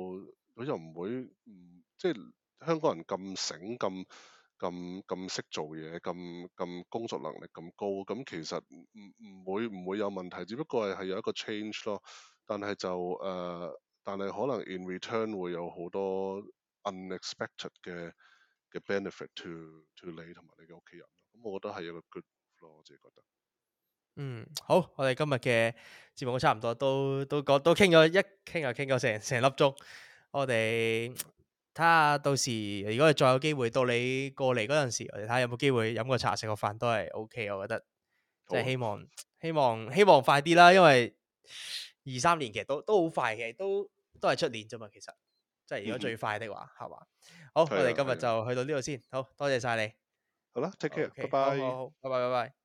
B: 佢又唔會即係、嗯即係、香港人咁醒咁咁咁識做嘢，咁咁工、工作能力咁高，咁、嗯、其實唔唔會唔會有問題，只不過係有一個 change 咯。但係就誒、呃，但係可能 in return 會有好多。unexpected 嘅嘅 benefit to to 你同埋你嘅屋企人，咁我覺得係一個 good 咯，我自己覺得。
A: 嗯，好，我哋今日嘅節目都差唔多，都都講都傾咗一傾又傾咗成成粒鐘。我哋睇下到時，如果再有機會到你過嚟嗰陣時，我哋睇下有冇機會飲個茶，食個飯都係 OK，我覺得。即係好希望希望希望快啲啦，因為二三年其實都都好快嘅，都都係出年啫嘛，其實。即係如果最快的話，係嘛、嗯哼？好，的我哋今日就去到呢度先。好多謝晒你。好啦，take care，拜拜 Okay, bye，拜拜，拜
B: 拜。